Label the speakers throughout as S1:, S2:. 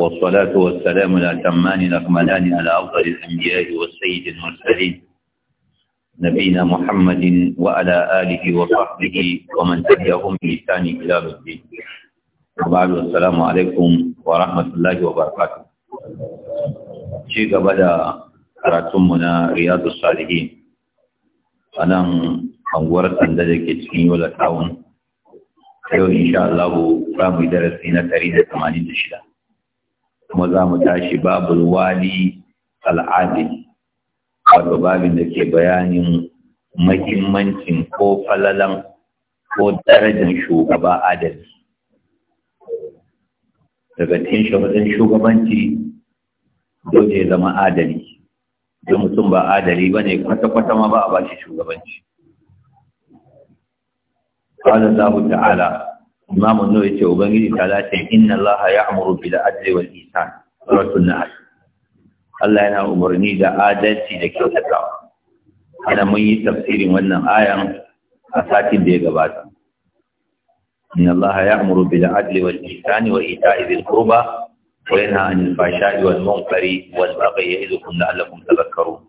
S1: والصلاة والسلام الأتمان الأكملان على أفضل الأنبياء والسيد المرسلين نبينا محمد وعلى آله وصحبه ومن تبعهم بإحسان إلى الدين وبعد السلام عليكم ورحمة الله وبركاته شيخ بدأ karatunmu رياض الصالحين أنا anguwar sanda da ke cikin yola tawon yau insha Allah za mu yi darasi na 186 kuma za mu tashi babul wali al'adil wato babin da ke bayanin mahimmancin ko falalan ko darajar shugaba adali daga cikin shugaban shugabanci dole zama adali don mutum ba adali ba ne kwata-kwata ma ba a ba shi shugabanci قال الله تعالى imam an ya ce ubangiji ta lace inna allaha ya'muru bil adli wal ihsan suratul nahl Allah yana umarni da adalci da kyautatawa ana mun yi tafsirin wannan ayan a satin da ya gabata inna allaha ya'muru bil adli wal ihsan wa ita'i dhil qurba wa yanha 'anil fahsha'i wal munkari wal baghi ya'idhukum la'allakum tadhakkarun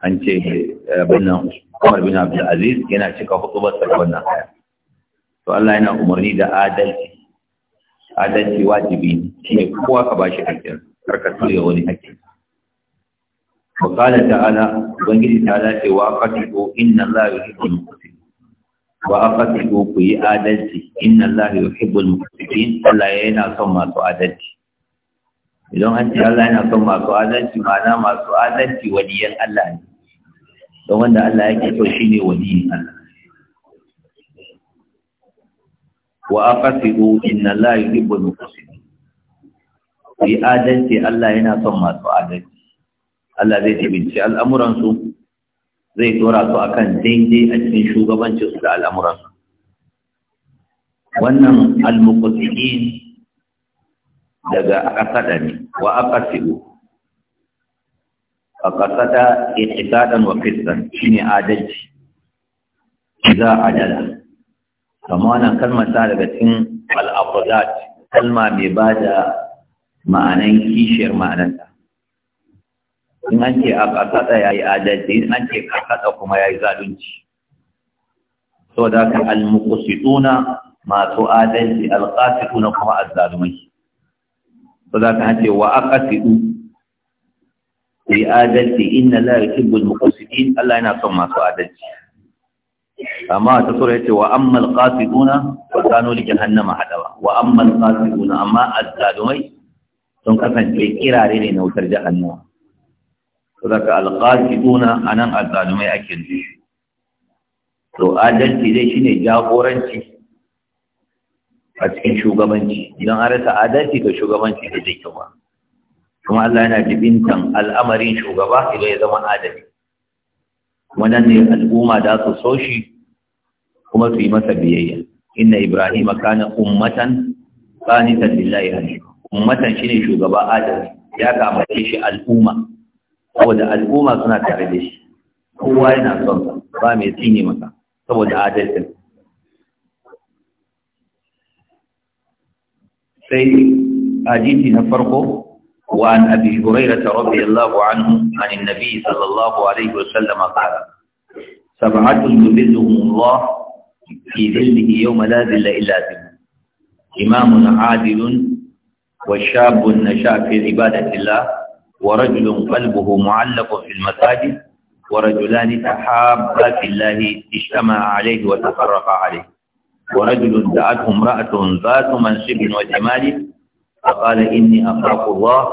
S1: an ce eh, bin Umar bin Abdul Aziz yana cika hutubar sa wannan aya to Allah yana umarni da adalci adalci wajibi ne kowa ka bashi hakkin karka tuya wani hakkin wa qala ta'ala ubangiji ta ce wa qatilu inna Allah yuhibbul muqsitin wa aqatilu ku yi adalci inna allaha yuhibbul muqsitin Allah yana son masu adalci idan an ce Allah yana son masu adalci ma'ana masu adalci waliyan Allah ne don wanda Allah yake so shine waliyin Allah wa aqsidu inna la yuhibbu al-muqsitin adalci Allah yana son masu adalci Allah zai tabbaci al'amuran su zai tora su akan daidai a cikin shugabancinsu su da al'amuran su wannan al-muqsitin daga aqsada ne wa aqsidu aqsada ihsadan wa qistan shine adalci za adala amma wannan kalmar ta daga cikin al'afadat kalma mai ba da ma'anan kishiyar ma'ananta in an ce a kasaɗa ya yi adalci in an ce kasaɗa kuma ya yi zalunci saboda haka almukusituna masu adalci alƙasituna kuma azzalumai saboda haka an ce wa aqasidu yi adalci inna la yuhibbul muqsitin Allah yana son masu adalci amma ta ya yace wa ammal qasiduna fa kanu li jahannama hadawa wa ammal qasiduna amma azzalumai sun kasance kirare ne na wutar jahannama saboda alqasiduna anan azzalumai ake nufi to adalci dai shine jagoranci a cikin shugabanci idan an rasa adalci to shugabanci da zai kyau ba kuma Allah yana jibintan al'amarin shugaba idan ya zama adali kuma nan ne al'umma da su so shi kuma su yi masa biyayya inna ibrahim kana ummatan qanitan lillahi hanifa ummatan shine shugaba adali ya kama shi al'umma saboda al'umma suna tare da shi kowa yana son sa ba mai tsine masa saboda adalcin sai hadisi na farko وعن أبي هريرة رضي الله عنه عن النبي صلى الله عليه وسلم قال سبعة يذلهم الله في ظله يوم لا ظل إلا ظله إمام عادل وشاب نشا في عبادة الله ورجل قلبه معلق في المساجد ورجلان تحابا في الله اجتمع عليه وتفرقا عليه ورجل دعته امرأة ذات منصب وجمال فقال إني أخاف الله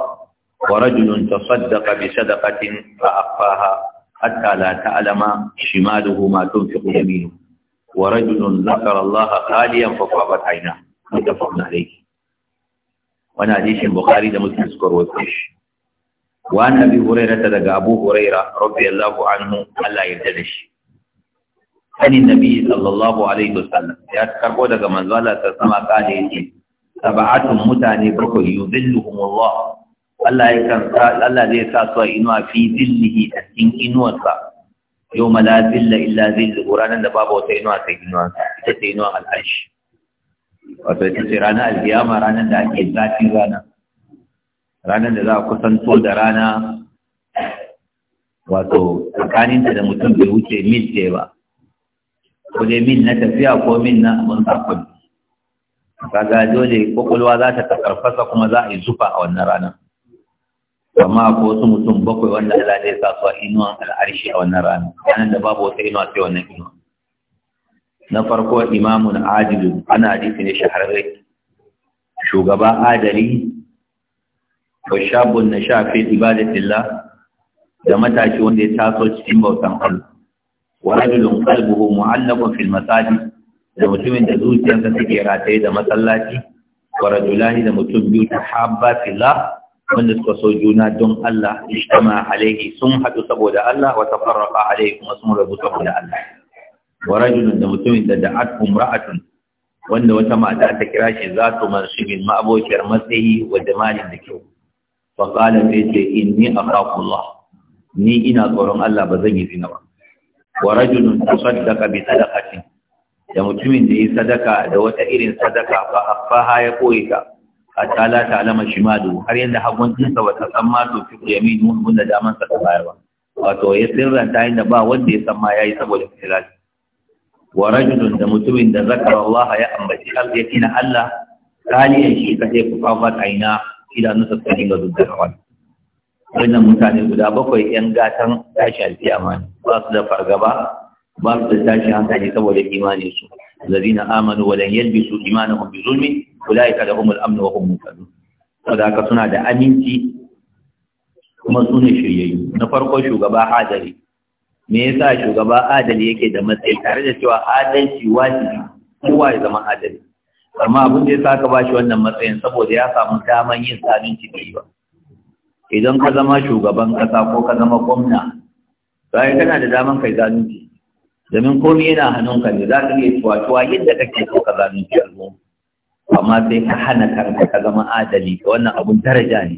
S1: ورجل تصدق بصدقة فأخفاها حتى لا تعلم شماله ما تنفق يمينه wa rajulun zakara Allah khaliyan fa qabat aina mutafaqun alayhi wannan hadisin bukhari da muslim suka rawaito shi wa annabi hurairah daga abu hurairah radiyallahu anhu Allah ya yarda da shi ani nabi sallallahu alaihi wasallam ya karbo daga manzo Allah ta sama kale yake sab'atun mutane bakwai yudilluhum Allah Allah ya kan Allah zai sa su inuwa fi dillihi a cikin inuwarsa yau ma la zilla illa ko ranar da babu wata inuwa ta inuwa ita ce inuwa al'ashi wato ita ce ranar alkiyama ranar da ake zafi rana ranar da za a kusanto da rana wato tsakaninta da mutum bai wuce mil ce ba ko dai mil na tafiya ko mil na abin sakon kaga dole kwakwalwa za ta karfasa kuma za a yi zufa a wannan ranar amma ko wasu mutum bakwai wanda Allah zai sa su a inuwan al'arshi a wannan rana ranar da babu wata inuwa sai wannan inuwa na farko imamun adilu ana hadisi ne shahararre shugaba adali wa shabun na shafe ibadatillah da matashi wanda ya taso cikin bautan Allah wa rajulun qalbuhu mu'allaqun fil masajid da mutumin da zuciyarsa take rataye da masallaci wa rajulani da mutum biyu tahabba fillah wanda suka so juna don Allah ishtama alaihi sun haɗu saboda Allah wa tafarraqa alaihi kuma sun rabu saboda Allah wa rajulun da mutumin da da'at umra'atun wanda wata mata ta kira shi za su mansubin ma'abokiyar matsayi wa jamalin da kyau fa qala sai ce inni akhafu ni ina tsoron Allah ba zan yi zina ba wa rajulun tasaddaqa bi sadaqatin da mutumin da yi sadaka da wata irin sadaka fa afaha ya koyi ta hatta la ta'lama shimalu har yanda hagun dinsa sa wata san ma to fi mun da daman sa ta bayarwa wato ya ta inda ba wanda ya san ma yayi saboda ikhlas wa rajulun da mutumin da zakara Allah ya ambaci Allah ya tina Allah kaliyan shi ka sai ku kafa aina idanunsa ga dinga zuddarawa wannan mutane guda bakwai yan gatan tashi alfi amana ba su da fargaba ba su da tashi hankali saboda imanin su zarina amanu wa su imanin hun bi zulmi ulaika da umar amn wa hum muhtadun saboda haka suna da aminci kuma su ne shiryayyu na farko shugaba adali me yasa shugaba adali yake da matsayi tare da cewa adalci wajibi kowa ya zama adali amma abin da ya sa ka bashi wannan matsayin saboda ya samu daman yin sabinci da ba idan ka zama shugaban kasa ko ka zama gwamna bayan kana da daman kai zalunci domin komai yana hannunka ne za ka iya tuwa-tuwa yadda kake so ka zalunci al'umma amma sai ka hana kanka ka zama adali ga wannan abun daraja ne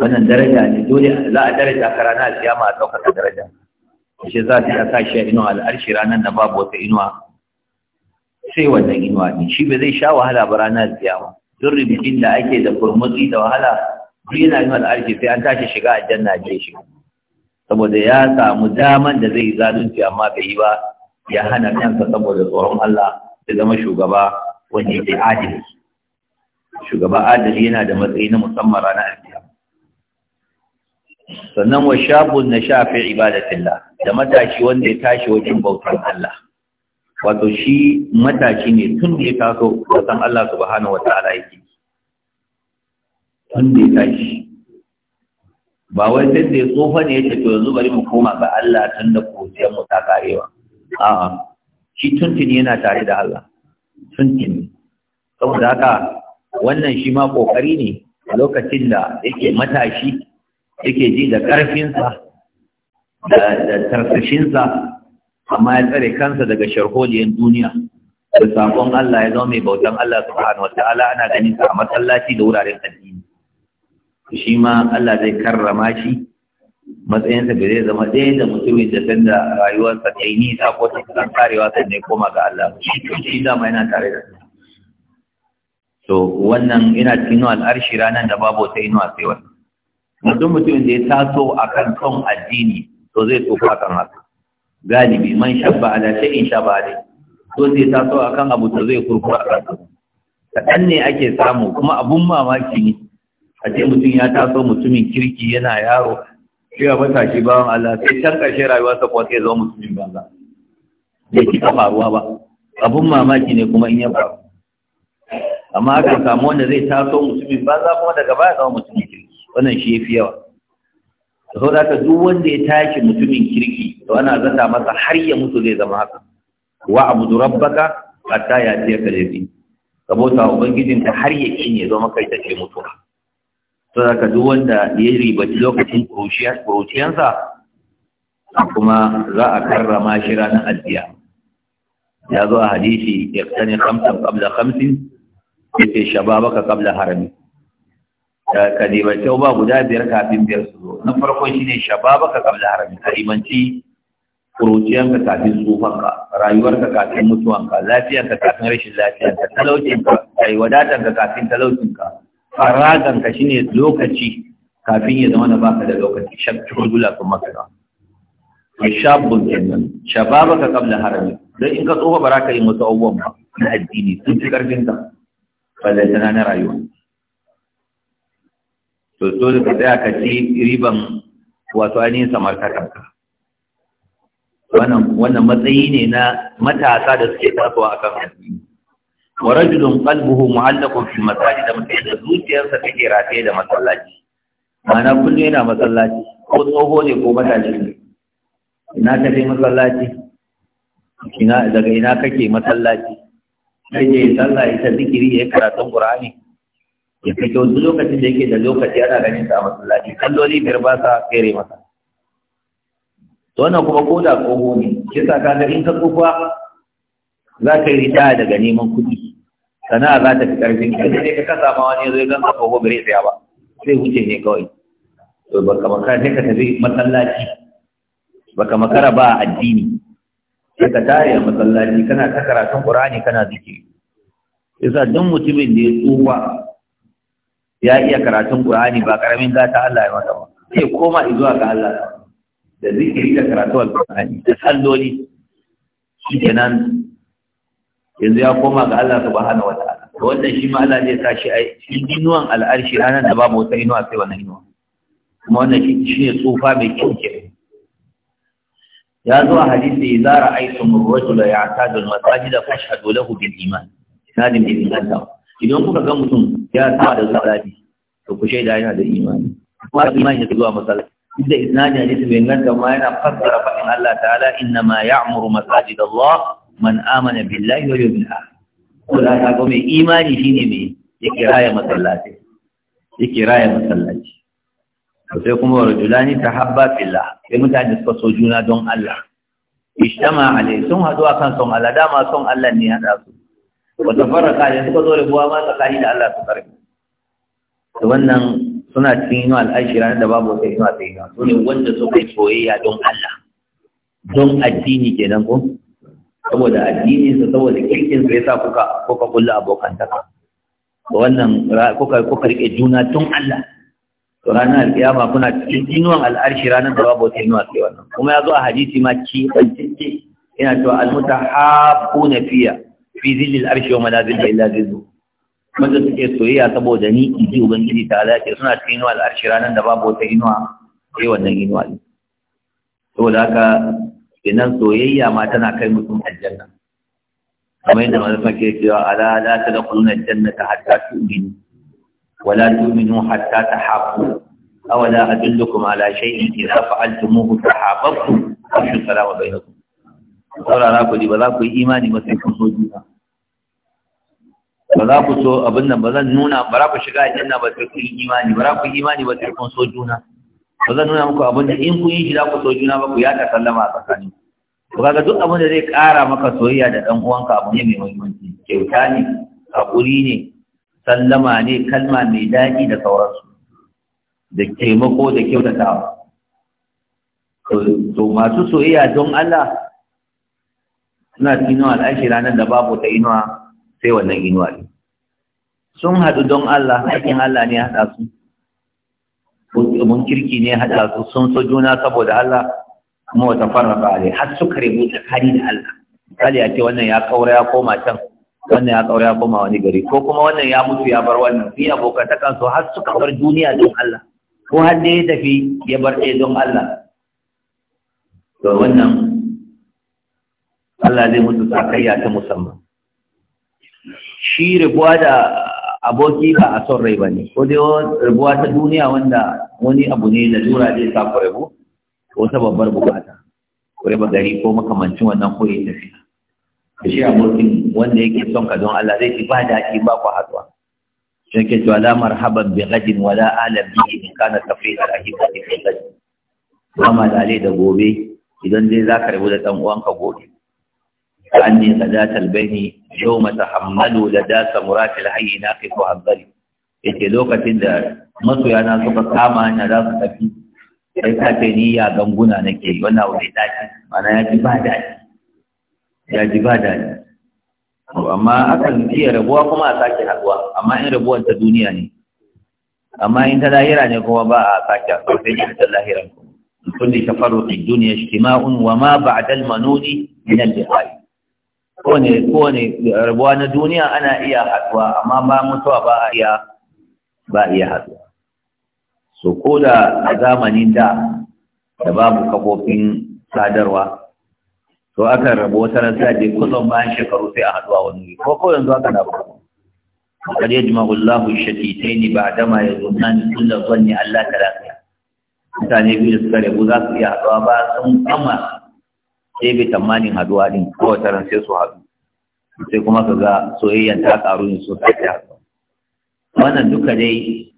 S1: wannan daraja ne dole za a daraja ka rana a siyama a ɗaukaka daraja shi za ta sa shi a inuwa al'arshi ranar da babu wata inuwa sai wannan inuwa ne shi ba zai sha wahala ba ranar ma duk rubutun da ake da kurmutsi da wahala duk yana inuwa al'arshi sai an tashi shiga a je shiga saboda ya samu daman da zai zalunci amma bai yi ba ya hana kansa saboda tsoron Allah ya zama shugaba wanda yake adili shugaba adali yana da matsayi na musamman ranar alkiya sannan wa shabun na shafi ibadatillah da matashi wanda ya tashi wajen bautar Allah wato shi matashi ne tun da ya taso san Allah subhanahu wataala yake tun da ya tashi ba wai sai da ya tsofa ne ya ce to yanzu bari mu koma ga Allah tun da kuciyar mu ta karewa a'a shi tuntuni yana tare da Allah tuntuni saboda haka wannan shi ma kokari ne lokacin da yake matashi yake ji da karfinsa da tarsashinsa amma ya tsare kansa daga sharholiyar duniya da sakon Allah ya zama mai bautan Allah subhanahu wataala ana ganin sa a masallaci da wuraren addini shi ma Allah zai karrama shi matsayinsa bai zai zama ɗaya da mutumin da sanda rayuwarsa ta yi nisa ko ta san karewa sai ne koma ga Allah shi dama yana tare da su to wannan ina cikin nuwa al'arshi ranar da babu yi inuwa sai wani mutum mutumin da ya taso a kan son addini to zai tsofa kan haka galibi man shabba ala shay'in shabba alai to zai taso akan abu to zai kurkura kan kaɗan ne ake samu kuma abun mamaki ne a ce mutum ya taso mutumin kirki yana yaro shi ga matashi bawan Allah sai can ƙarshe sa kuwa sai zama mutumin banza bai kika faruwa ba abun mamaki ne kuma in ya faru amma akan samu wanda zai taso mutumin banza kuma daga baya zama mutumin kirki wannan shi ya fi yawa da sau da duk wanda ya tashi mutumin kirki to ana zata masa har ya mutu zai zama haka wa abudu rabbaka hatta ya ce ka lafi ka bauta ubangijinka har ya kine zama kai take mutuwa to da duk wanda ya riba lokacin kuruciyansa kuma za a karrama shi ranar addiya ya zo a hadisi ya tsani kamsan kabla kamsin ya ce shababaka kabla harami ka kyau ba guda biyar kafin biyar su zo na farko shi ne shababaka kabla harami ka imanci kuruciyanka kafin tsufanka rayuwarka kafin mutuwanka lafiyanka kafin rashin lafiyanka talaucinka kai wadatanka kafin talaucinka faragan ka shine lokaci kafin ya zama na baka da lokaci shagula kuma kaza shabun kenan shababaka qabla harami dai in ka tsofa bara ka yi wasu abubuwan ba na addini sun fi karfin ka balle tana na rayuwa to so da ka tsaya ka ci riban wato ainihin samartakan ka wannan matsayi ne na matasa da suke tasowa akan addini wa rajulun qalbuhu mu'allaqun fil masajid da mutum da zuciyarsa take rafe da masallaci ma'ana kullum yana masallaci ko tsoho ne ko matashi ne ina ka masallaci ina daga ina kake masallaci sai je sallah ita zikiri ya karatun qur'ani ya fi kyau duk lokacin da yake da lokaci ana ganin sa a masallaci kalloli biyar ba sa kere masa to wannan kuma ko da tsoho ne kisa sa kaga in ka tsufa za ka yi ritaya daga neman kuɗi sana'a za ta fi ƙarfin ka sai ka kasa ma wani zai gan kafa gobe zai tsaya ba sai wuce ne kawai to baka makara sai ka tafi masallaci baka makara ba addini sai ka tare a masallaci kana ta karatun qur'ani kana zikiri yasa duk mutumin da ya tsufa ya iya karatun qur'ani ba karamin gata Allah ya masa ba sai koma zuwa ga Allah da zikiri da karatu qur'ani da salloli kenan yanzu ya koma ga Allah subhanahu wa ta'ala wannan shi ma Allah zai sa shi a cikin inuwan al'arshi ranar da babu wata inuwa sai wannan inuwa kuma wannan shi ne tsufa mai kyau ke ya zo a hadisi idza ra'aytum ar-rajula ya'tadu al-masajida fashhadu lahu bil iman sadin bil iman idan kuka ga mutum ya sa da salati to ku shaida yana da imani kuma imani ne zuwa masallaci inda isnadin hadisi bai inganta ma yana fassara fa'in Allah ta'ala inna ma ya'muru masajid Allah man amana billahi wa yawmil akhir ko ta ga mai imani shine mai yake raya masallaci yake raya masallaci sai kuma wa rajulani tahabba billah sai mutane suka so juna don Allah ishtama alai sun hadu akan son Allah dama son Allah ne ya da su wa tafarraqa ya suka zo rubuwa ma tsakani da Allah su karbi to wannan suna cikin al-ashira da babu wata yin sai yin su ne wanda suka yi soyayya don Allah don addini kenan ko saboda addinin sa saboda kirkin sa yasa kuka kuka kullu abokan taka wannan kuka kuka rike juna tun Allah to ranar alkiyama kuna cikin inuwan al'arshi ranar da babu wata inuwa sai wannan kuma ya zo a hadisi ma ci bancicce yana cewa na fiya fi zillil arshi wa manazil illa zizu wanda suke soyayya saboda ni in ji ubangiji ta ala ce suna cikin inuwa al'arshi ranar da babu wata inuwa sai wannan inuwa ne saboda haka kenan soyayya ma tana kai mutum aljanna kamar yadda malama ke cewa ala la tadkhuluna ta hatta tu'minu wala tu'minu hatta tahabbu aw la adullukum ala shay'in idza fa'altumuhu a afshu salama bainakum saurara ku ba za ku yi imani ba sai kun so juna ba za ku so abin nan ba zan nuna ba za ku shiga aljanna ba sai kun yi imani ba za ku yi imani ba sai kun so juna ba zan nuna muku abin da in kun yi shi za ku so juna ba ku ya ta sallama a tsakani Ku kaga duk abin da zai ƙara maka soyayya da ɗan uwanka abu ne mai muhimmanci kyauta ne haƙuri ne sallama ne kalma mai daɗi da sauransu da taimako da kyautatawa to masu soyayya don Allah suna inuwa al'ashi ranar da babu ta inuwa sai wannan inuwa ne sun haɗu don Allah haƙin Allah ne ya haɗa su mun kirki ne haɗa su sun so juna saboda Allah kuma wata ba ne har suka rebu tsakani da Allah kada ya ce wannan ya kaura ya koma can wannan ya kaura ya koma wani gari ko kuma wannan ya mutu ya bar wannan sai abokan so har suka bar duniya don Allah ko har da ya tafi ya bar ɗaya don Allah to wannan Allah zai mutu sakayya ta musamman shi rabuwa da aboki ba a son rai ba ne ko dai rabuwa ta duniya wanda wani abu ne na tura zai sa ku rabu ko ta babbar bukata ko ba gari ko makamancin wannan ko yin tafiya ka shi abokin wanda yake son ka don Allah zai ci ba daɗi ba ku haɗuwa shi ke cewa la marhaban bi gajin la alam bi in kana tafriqa a ahibati fi gajin ba ma da gobe idan dai za ka rabu da ɗan uwanka gobe أني غداة البين يوم تحملوا لداة مراك الحي ناقف وحضري إتي لوكة الدار مصر أنا سوف أتعامى أن لا تتفي إذا تني يا دنبنا نكي وانا وحيداتي أنا يا جبادات يا جبادات أما أكل فيها ربوة كما أتاكي حقوة أما إن ربوة الدنيا ني يعني. أما إن تلاهيرا نكوة باء أتاكي فإن تلاهيرا كل تفرق الدنيا اجتماع وما بعد المنون من اللقاء kowane kowane rabuwa na duniya ana iya haɗuwa amma ba mutuwa ba a iya ba iya haɗuwa so ko da a zamanin da da babu kafofin sadarwa to aka rabu wata rasa je kullum bayan shekaru sai a haɗuwa wani ne, ko ko yanzu aka na ba ya يجمع الله الشتيتين بعدما يظنان ni Allah ta تلاقيا mutane biyu da suka rabu za su iya haɗuwa ba sun kama sai bai tamanin haduwa din kowace ran sai su haɗu sai kuma ka ga soyayyar ta ƙaru ne so ta haɗu wannan duka dai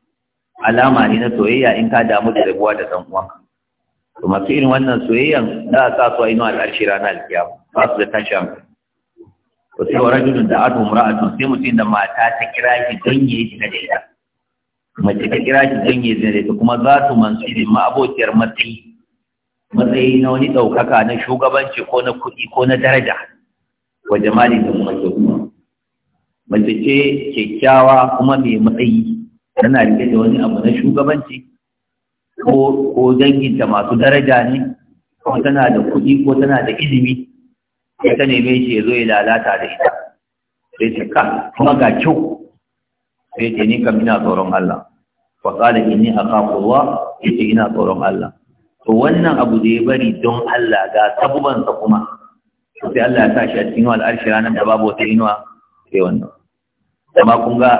S1: alama ne na soyayya in ka damu da rabuwa da ɗan uwanka to masu irin wannan soyayyan za a sa su a a ƙarshe ranar alkiyama ba su da tashi an to sai wa rajulun da adu mura'atu, sai mutum da mata ta kira shi don ya yi da ita mace ta kira shi don ya yi zina da ita kuma za su mansu ma abokiyar matsayi matsayi na wani ɗaukaka na shugabanci ko na kuɗi ko na daraja wa jama'a da mace kuma mace ce kyakkyawa kuma mai matsayi tana rike da wani abu na shugabanci ko danginta masu daraja ne ko tana da kuɗi ko tana da ilimi ya ta neme shi ya zo ya lalata da ita sai ta ka kuma ga kyau sai ta ni kam ina tsoron Allah wa qala inni aqaqullah yace ina tsoron Allah to wannan abu da ya bari don Allah ga sabubansa kuma sai Allah ya sa shi a cikin al'arshi ranar da babu wata inuwa sai wannan amma kun ga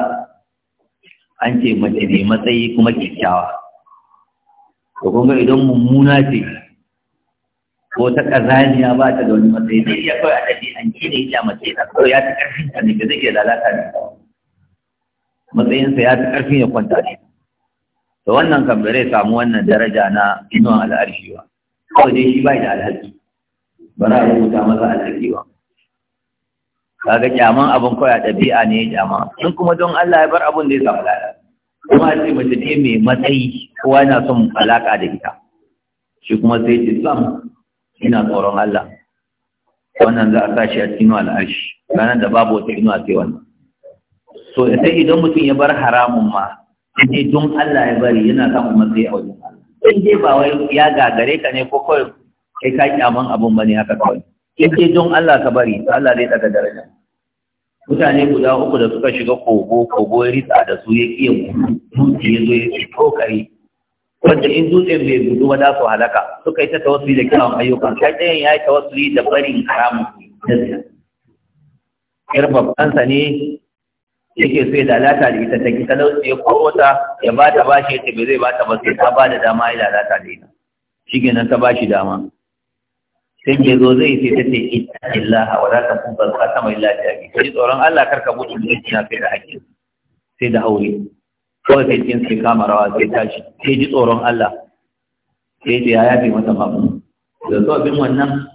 S1: an ce mace ne matsayi kuma kyakkyawa to kun ga idan mummuna ce ko ta kazaniya ba ta da wani matsayi zai iya kawai a ɗabi'ance ne ya mace ta kawai ya ta ƙarfin ta ne da zai iya lalata ne Matsayinsa ya ta ƙarfin ya kwanta ne to wannan kan bare samu wannan daraja na inuwan al'arshi ba kawai dai shi bai da alhaki ba na rubuta masa alhaki ba kaga kyaman abin kawai a ɗabi'a ne ya kyama sun kuma don Allah ya bar abin da ya samu lada kuma a ce mace ce mai matsayi kowa yana son alaka da ita shi kuma sai ce sam ina tsoron Allah wannan za a sa shi a cikin al'arshi ranar da babu wata inuwa sai wannan so sai idan mutum ya bar haramun ma in dai don Allah ya bari yana samun matsayi a wajen Allah in dai ba wai ya gagare ka ne ko kawai kai ka kyaman abun bane haka kawai in dai don Allah ka bari Allah zai daga daraja mutane guda uku da suka shiga kogo kogo ya ritsa da su ya kiyan dutse ya zo ya ce kokari wanda in dutse bai gudu ba za su halaka suka yi ta tawassuli da kyawun ayyukan kai ɗayan ya yi tawassuli da barin haramun da yar kansa ne yake so ya lalata da ita ta ki talauci ya koro ta ya ba ta bashi ta bai zai ba ta ba sai ta ba da dama ya lalata da ita shi nan ta bashi dama sai ke zo zai sai ta ce ita illaha wa za ta kuka ka sama illa ta yaki sai tsoron Allah karka mutu da ita sai da hakki sai da aure kawai sai cikin sai kama rawa sai tashi sai ji tsoron Allah sai ce ya yafe mata babu da so bin wannan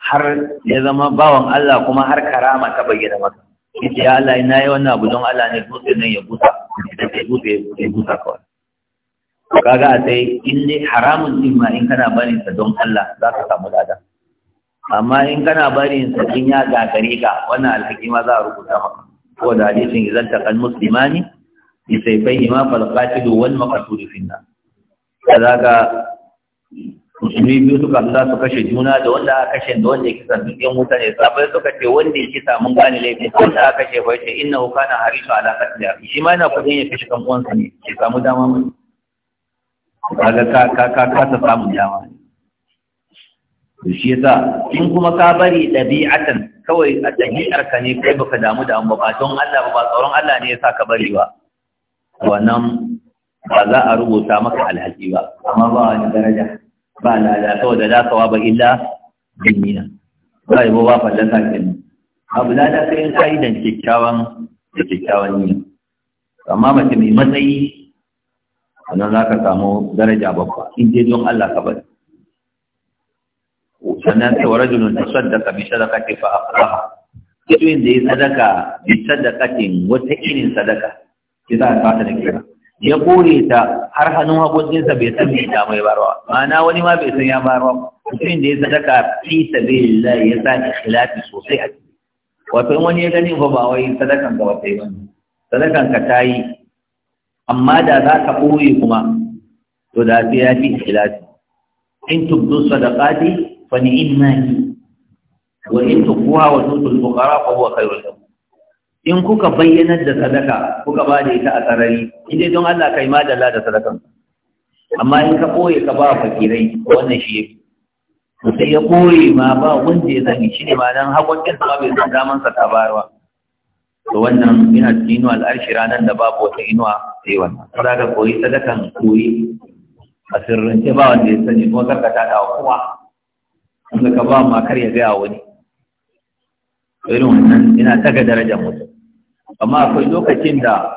S1: har ya zama bawan Allah kuma har karama ta bayyana masa yace ya Allah ina yi wannan abu don Allah ne kuma sai nan ya busa idan ya busa ya busa kawai kaga a sai in dai haramun din ma in kana barin sa don Allah za ka samu lada amma in kana barin sa in ya gagare ka wannan alhaki ma za a rubuta maka ko da hadisin idan ta kan muslimani bi sayfayhima ma qatilu wal maqtul fi an-nar kaga musulmi biyu suka za su kashe juna da wanda aka kashe da wanda ya kisa duk yan wuta ne sabai suka ce wanda ya kisa mun gane laifin wanda aka kashe fa ce inna hu kana harisu ala qatli shi ma yana kudin ya kashe kan uwansa ne ya samu dama mai kaga ka ka ka ka ta samu dama to shi yasa in kuma ka bari dabi'atan kawai a dabi'ar ka ne kai baka damu da an ba don Allah ba tsoron Allah ne yasa ka bari ba wannan ba za a rubuta maka alhaki ba amma ba wani daraja ba lada saboda la ba illa binnina ba yi ba fallasa kenan abu lada sai in ka yi da kyakkyawan da kyakkyawan niyya amma mace mai matsayi wannan za ka samu daraja babba in je don Allah ka bari sannan sai wa rajulun tasaddaqa bi sadaqati fa aqraha mutumin da ya sadaka bi sadaqatin wata irin sadaka ki za a fata da kira ya kore ta har hannun haƙoƙinsa bai san mai damai ba rawa ma'ana wani ma bai san ya ba rawa mutumin da ya sadaka fi sabilillah ya sa ikhlasi sosai a ciki wato in wani ya gani fa ba wai sadakan ga wata yi bane sadakan ka ta yi amma da za ka ɓoye kuma to da sai ya fi ikhlasi in tubdu sadaqati fa ni'ma wa in tukhuha wa tutul fuqara fa huwa khairul in kuka bayyanar da sadaka kuka ba da ita a sarari inda don Allah kai madalla da sadakan amma in ka koye ka ba fakirai wannan shi yake to sai ya koye ma ba wanda ya sani shi ne ma hakon kin ba bai san daman sa ta to wannan yana tinu al arshi ranan da babu wata inuwa sai wannan sadaka koyi sadakan koyi a ce ba wanda ya sani kuma ta dawo kowa in ka ba ma kar ya gaya wani irin wannan ina daga darajar mutum amma akwai lokacin da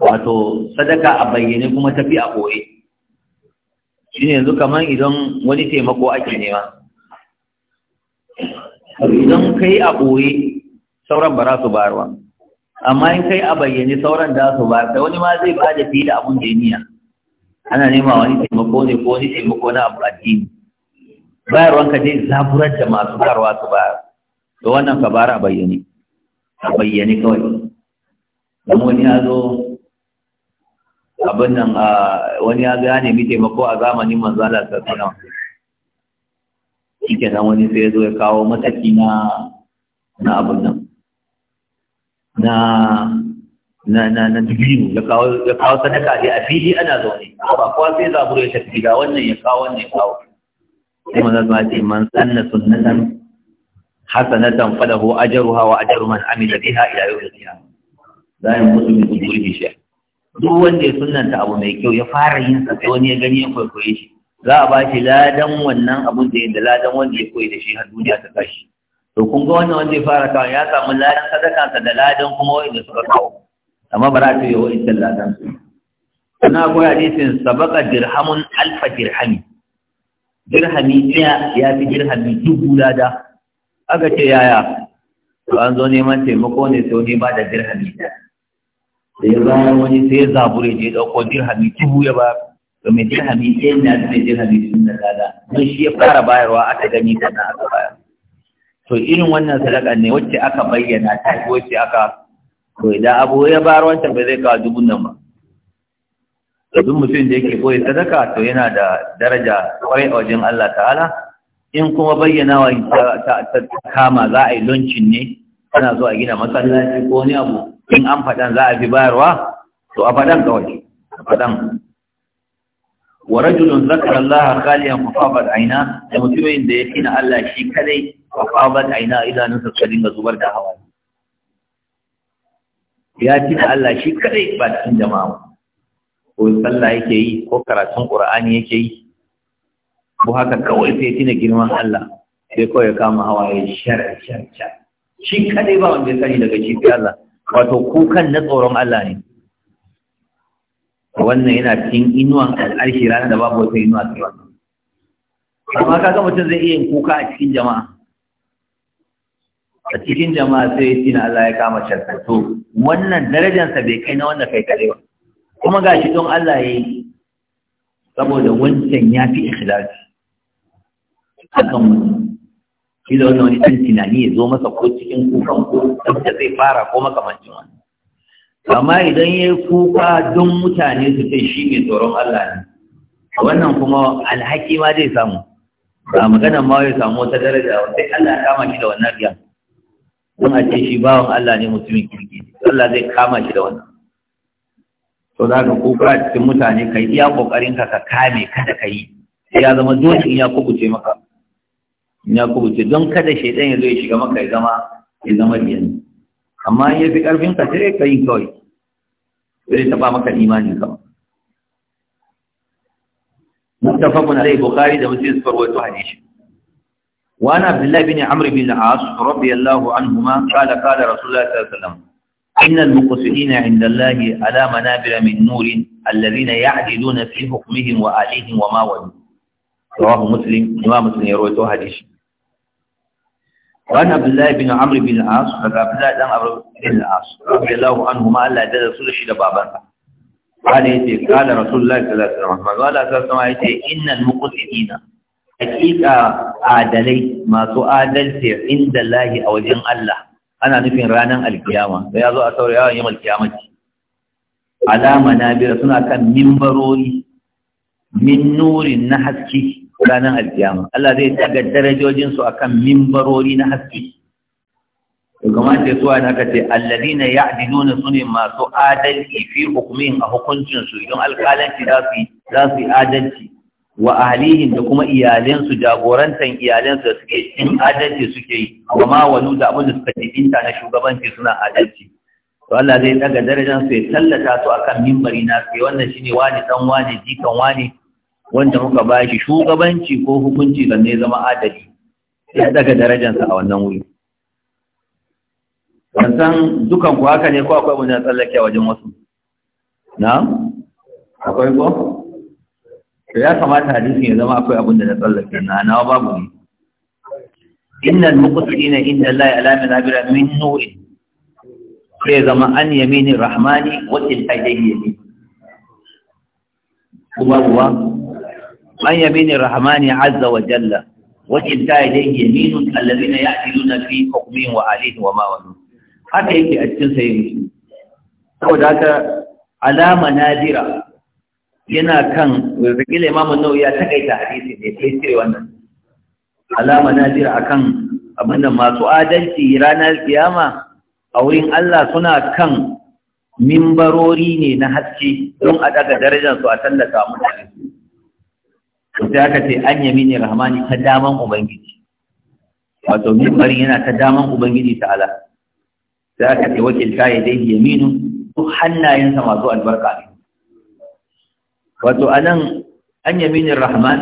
S1: wato sadaka a bayyane kuma tafi a ɓoye shi ne yanzu kamar idan wani taimako ake nema idan kai a ɓoye sauran ba za su bayarwa amma in kai a bayyane sauran da su bayar da wani ma zai ba da fiye da abun da niyya ana nema wani taimako ne ko wani taimako na abu addini bayarwanka zai zaburar da masu karwa su bayar da wannan ka bara a bayyane a bayyane kawai don wani ya zo abin nan wani ya gane mai taimako a zamanin manzala ta suna shi kenan wani sai ya zo ya kawo mataki na na abin nan na na na na dubiyu ya kawo ya kawo sadaka dai a fili ana zaune ba kowa sai zaburo ya shafi, ga wannan ya kawo wannan ya kawo sai manzala ta ce man sanna sunnatan hasanatan falahu ajruha wa ajru man amila biha ila yawm al-qiyamah la yanqutu min ujurihi shay duk wanda ya sunnanta abu mai kyau ya fara yin sa sai wani ya gani ya kwaikwaye shi za a ba shi ladan wannan abun da yadda ladan wanda ya koyi da shi har duniya ta tashi to kun ga wannan wanda ya fara kawo ya samu ladan sadakansa da ladan kuma da suka kawo amma ba za ta yi wa ita ladan su sannan akwai hadisin sabaka dirhamun alfa dirhami dirhami ɗaya ya fi dirhami dubu lada aka ce yaya to an zo neman taimako ne sai wani ba da dirhami da ya bayan wani sai ya zabure je dauko dirhami tuhu ya ba to mai dirhami ɗaya na da dirhami sun da tsada don shi ya fara bayarwa aka gani na aka bayar to irin wannan sadaka ne wacce aka bayyana ta wacce aka to idan abu ya bayar wancan bai zai kawo dubun nan ba da duk mutum da yake koyi sadaka to yana da daraja kwarai a wajen Allah ta'ala in kuma bayyana wa ta kama za a yi loncin ne ana zuwa gina masallaci ko wani abu in an faɗan za a fi bayarwa to a faɗan kawai a faɗan wa rajulun zakara Allah khaliyan fa aina da mutumin da ya tina Allah shi kadai fa fabat aina idanunsa kadin ga zubar da hawa ya tina Allah shi kadai ba cikin jama'a ko sallah yake yi ko karatun Qur'ani yake yi ko haka kawai sai tina girman Allah sai kawai kama hawaye shar shar shar shi kadai ba wanda ya sani daga shi sai Allah wato kukan na tsoron Allah ne wannan yana cikin inuwan al'arshi ranar da babu wata inuwa sai wannan amma ga mutum zai iya yin kuka a cikin jama'a a cikin jama'a sai tina Allah ya kama shar to wannan darajarsa bai kai na wanda kai kare ba kuma gashi don Allah ya yi saboda wancan ya fi ikhlasi a kan mutum shi da wannan wani ɗan tunani ya zo masa ko cikin kukan ko da zai fara ko makamancin wani amma idan ya yi kuka don mutane su ce shi mai tsoron Allah ne wannan kuma alhaki ma zai samu ba magana ma ya samu wata daraja sai Allah ya kama shi da wannan riya don a ce shi bawan Allah ne mutumin kirki Allah zai kama shi da wannan to za ka kuka cikin mutane ka yi iya kokarin ka ka kame kada ka yi ya zama dole in ya kubuce maka ya kubuce don kada shaidan ya zo ya shiga maka ya zama ya zama biyan amma ya fi karfin ka sai ka yi kawai sai taba maka imani kawai متفق عليه البخاري ده مسلم سفر وحديث وعن عبد الله بن عمرو بن العاص رضي الله عنهما قال قال رسول الله صلى الله عليه وسلم إن المقصدين عند الله على منابر من نور الذين يعدلون في حكمهم وآلهم وما ولوا رواه مسلم إمام مسلم يروي حديث wani abdullahi bin amri bin as daga abdullahi dan abu bin as rabbi lahu an huma allah da rasulullahi shi da baban sa hadi ce kana rasulullahi sallallahu alaihi wasallam wala sa sama yace innal muqtidina hakika adalai masu adalci inda lahi a wajen allah ana nufin ranar alkiyama sai ya zo a saurayi yawan yamal kiyamaci alama na biyar suna kan mimbarori min nurin na haske ranar alkiyama Allah zai daga darajojinsu a kan mimbarori na haske to kamar ce suwa da aka ce alladina ya'diluna sune masu adalci fi hukumin a hukuncinsu idan alkalanci za su yi adalci wa ahlihim da kuma iyalinsu jagorantar iyalansu da suke cikin adalci suke yi wa ma walu da abin da suka jibinta na shugabanci suna adalci to Allah zai daga darajansu ya tallata su akan mimbari na sai wannan shine wani dan wani jikan wani wanda muka ba shi shugabanci ko hukunci sannan ne zama adali ya daga darajansa a wannan wuri ban san dukan ku haka ne ko akwai wani tsallake a wajen wasu na akwai ko to ya kamata hadisi ya zama akwai abin da na tsallake na nawa babu ne innal muqsitina inda Allah ya alama nabira min nu'in sai zama an yamini rahmani wa Ku kuma kuwa an yamini rahmani عز وجل jalla wakilta ilayhi yaminun alladhina ya'tiluna fi hukmin wa alihi wa ma walu haka yake a cikin sayin yana kan wakil imamu nawawi ya takaita hadisi ne sai sai wannan alama jira akan abin masu adalci ranar kiyama a wurin Allah suna kan mimbarori ne na haske don a daga darajarsu a tallata mutane sai aka ce an yami ne rahmani ta daman ubangiji wato mimbarin yana ta daman ubangiji ta ala sai aka ce wakil ta yi daidai yaminu duk hannayensa masu albarka ne wato anan an yami ne rahman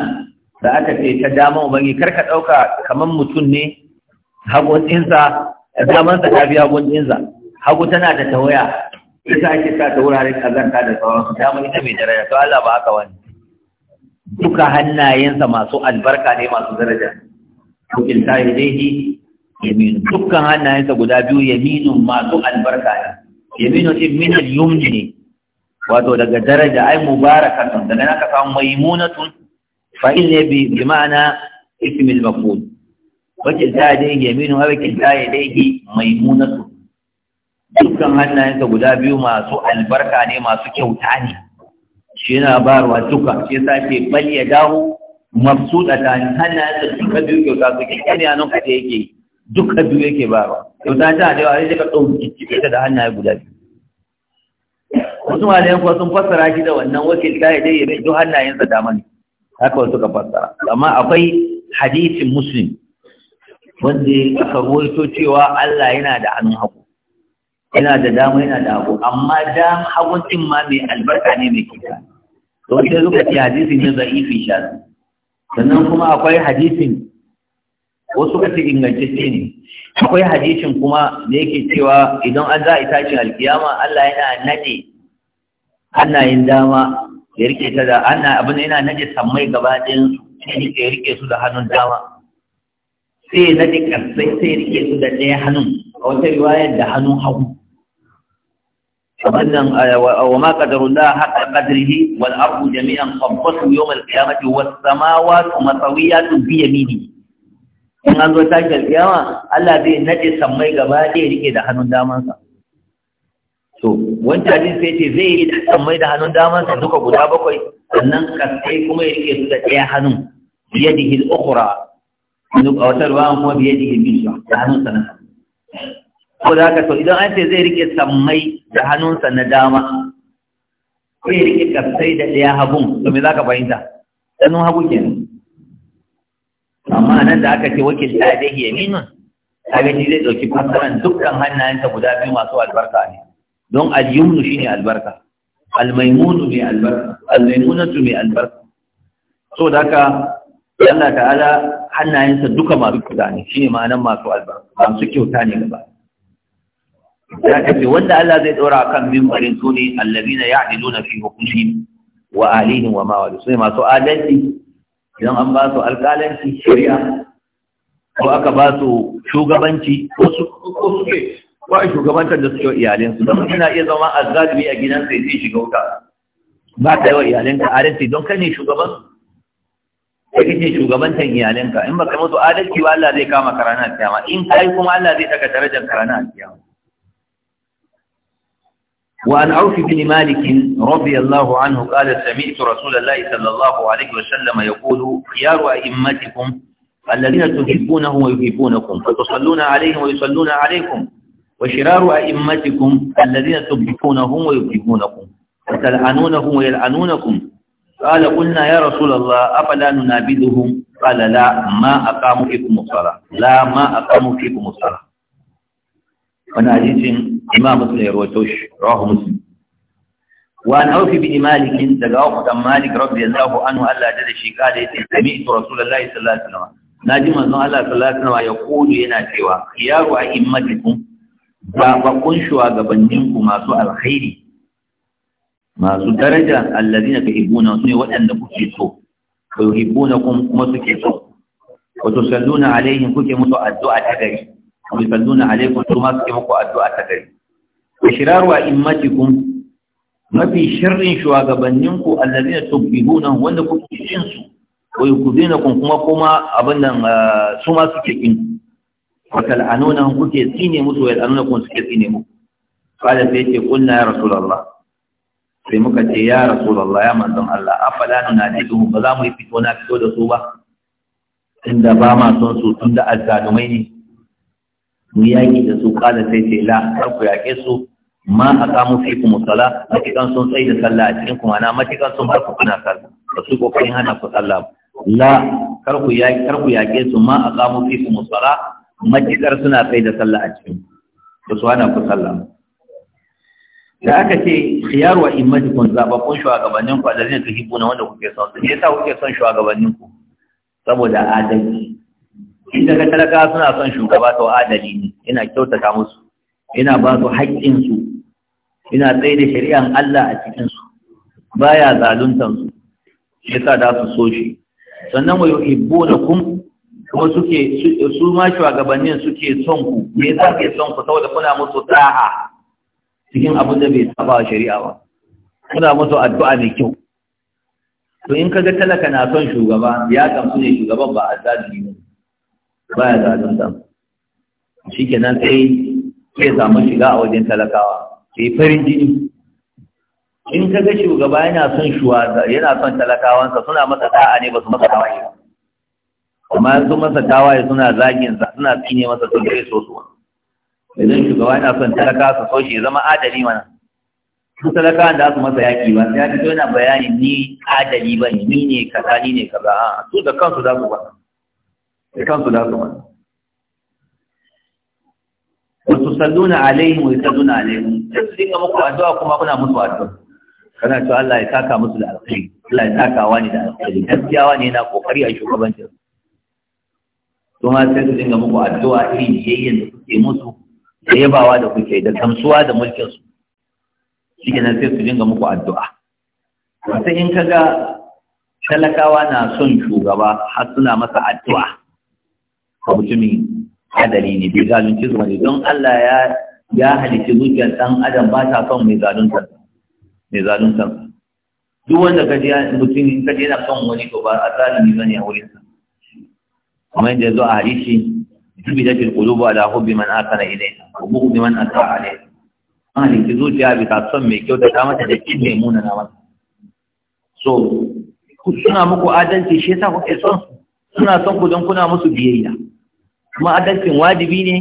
S1: da aka ce ta daman ubangiji karka ɗauka kamar mutum ne haguntinsa damansa sa biya haguntinsa hagu tana da tawaya ita ake sa ta wurare kazanta da sauransu ta mai ita mai daraja to Allah ba haka wani duka hannayensa masu albarka ne masu daraja to in ta yadaihi yaminu dukkan hannayensa guda biyu yaminu masu albarka ne yaminu din min al-yumni ne wato daga daraja ai mubarakatun daga nan ka samu maimunatun fa ne bi ma'ana ismi al-maf'ul wacce ta yadaihi yaminu wa wacce ta yadaihi maimunatun dukkan hannayensa guda biyu masu albarka ne masu kyauta ne shi na barwa duka shi yasa ce bal ya dawo mabsuda ta hana da duka biyu kyauta su kike ne nan kuɗi yake duka biyu yake barwa kyauta ta da yawa sai ka ɗauki ta da hannaye guda biyu wasu malayan kuwa sun fassara shi da wannan wakil ta ya dai ya duk hannayensa dama ne haka wasu ka fassara amma akwai hadisin muslim wanda aka karwaito cewa Allah yana da hannun hagu yana da dama yana da hagu amma da hagun din ma mai albarka ne mai kika to idan zuka ci hadisi ne za'ifi shaz sannan kuma akwai hadisin wasu kace ingantacce ne akwai hadisin kuma da yake cewa idan an za a tashi alkiyama Allah yana nade hannayen dama ya rike ta da ana abin yana nade sammai gaba ɗayan su ya rike su da hannun dama sai ya nade karsai sai ya rike su da ɗaya hannun a wata riwayar da hannun hagu wannan wa ma qadarullah haqa qadrihi wal ardu jami'an qabdatu yawm al qiyamati was samawati matawiyatun bi yaminihi in an zo tashi al qiyama Allah zai nade sammai gaba ɗaya rike da hannun damansa to wanda hadin sai ce zai yi da sammai da hannun damansa duka guda bakwai sannan kasai kuma ya rike su da ɗaya hannun biyadihi al ukhra a wata ruwa kuma biyadihi al bishra da hannun sana ko da haka to idan an ce zai rike sammai da hannunsa na dama sai rike kafsai da ɗaya hagun domin za ka fahimta sanin hagu ke amma nan da aka ce wakil ta da hiya nan. ta gani zai ɗauki fasaran dukkan hannayenta guda biyu masu albarka ne don alyumnu shi ne albarka almaimunu mai albarka almaimunatu mai albarka so da haka Allah ta'ala hannayensa duka masu kyauta ne shi ne ma'anan masu albarka masu kyauta ne gaba ya tafi wanda Allah zai ɗora kan mimbarin su ne allazina ya'diluna fi hukmihim wa alihim wa ma walu sai masu adalci idan an ba su alƙalanci shari'a ko aka ba su shugabanci ko su ko suke ba shugabantar da suke iyalen su don ina iya zama azzalimi a gidan sai zai shiga wuta ba ta yi wa iyalenka adalci don kai ne shugaban sai kake shugabantar iyalenka in ba baka musu adalci ba Allah zai kama karana a kiyama in kai kuma Allah zai daga darajar karana a kiyama وعن عوف بن مالك رضي الله عنه قال سمعت رسول الله صلى الله عليه وسلم يقول خيار أئمتكم الذين تحبونهم ويحبونكم فتصلون عليهم ويصلون عليكم وشرار أئمتكم الذين تبكونهم ويبكونكم وتلعنونهم ويلعنونكم قال قلنا يا رسول الله أفلا ننابذهم قال لا ما أقاموا فيكم الصلاة لا ما أقاموا فيكم الصلاة wani hadisin imam muslim ya rawaito shi rawahu muslim wa an aufi bi malik daga wa dan malik radiyallahu anhu Allah da shi kada yace sami'tu rasulullahi sallallahu alaihi wasallam naji manzon Allah sallallahu alaihi wasallam ya kudu yana cewa yaru a immatikum ba ba kun shugabannin ku masu alkhairi masu daraja alladina tuhibuna sune waɗanda kuke so yuhibbunakum kuma suke so Wato Salluna alaihim kuke musu addu'a ta gari yusalluna alaykum su ma suke muku addu'a ta gari shiraru wa immatikum mafi sharrin shugabanninku allazina tubbihuna wanda kuke kin su wa kun kuma kuma abin nan ah, su ma suke kin wa tal'anuna kuke tsine musu wa yal'anunakum suke tsine muku qala sai ce kunna ya rasulullah sai muka ce ya rasulullah ya manzon Allah afala nunadidu ba za mu yi fito na fito da su ba inda ba ma son su tunda azzalumai ne mu yaƙi da su ƙala sai sai la kar ku yaƙe su ma a kamu fi ku musala matikan sun tsaye da sallah a cikin kuma na matikan sun bar ku kuna sallah ba su kokarin hana ku sallah la kar ku yaƙe kar ku yaƙe su ma a kamu fi ku musala matikar suna tsaye da sallah a cikin ba su hana ku sallah da aka ce khiyar wa immatikum zababbun shugabannin ku da zai tuhibu na wanda kuke son su ne ta kuke son shugabannin ku saboda adalci inda ka talaka suna son shugaba to adali ne ina kyautata musu ina ba su haƙƙinsu ina tsaye da shari'an Allah a cikinsu baya su ya sa da su so shi sannan wa yuhibbuna kum kuma suke su ma shugabannin suke son ku me za ka son ku saboda kuna musu da'a cikin abin da bai saba shari'a ba kuna musu addu'a mai kyau to in kaga talaka na son shugaba ya gamsu ne shugaban ba azzalimi ne baya ke nan sai ke samu shiga a wajen talakawa sai farin jini in ka ga shugaba yana son shuwaza yana son talakawansa suna masa da'a ne ba su masa tawaye ba amma sun masa tawaye suna zagin sa suna tsine masa sun kai so suwa idan shugaba yana son talaka su so shi zama adali mana su talaka da su masa yaki ba sai ya fito yana bayani ni adali ba ni ne kaza ni ne kaza a su da kansu za su ba da kansu da su wani wasu salluna alaihim wa yusalluna alaihim sai su dinga muku addu'a kuma kuna musu addu'a kana cewa Allah ya saka musu da alkhairi Allah ya taka wani da alkhairi gaskiya wani yana kokari a shugabancin to ma sai su dinga muku addu'a irin yayyen da kuke musu da yabawa da kuke da gamsuwa da mulkin su shi kenan sai su dinga muku addu'a wasu in kaga talakawa na son shugaba har suna masa addu'a Ka mutumin adali ne bai zalunci zuwa ne don Allah ya ya halitta zuciyar ɗan adam ba ta son mai zaluntar mai duk wanda ka ji mutum in ka ji na son wani to ba a zalimi bane a wurin sa kamar yadda zo a hadisi bi da fil qulubu ala hubbi man akana ilayha wa bughdi man ata alayha an halitta zuciya bai ta son mai kyau ta mata da kin mai muna na mata so suna muku adalci shi yasa kuke son suna son ku don kuna musu biyayya kuma adalcin wajibi ne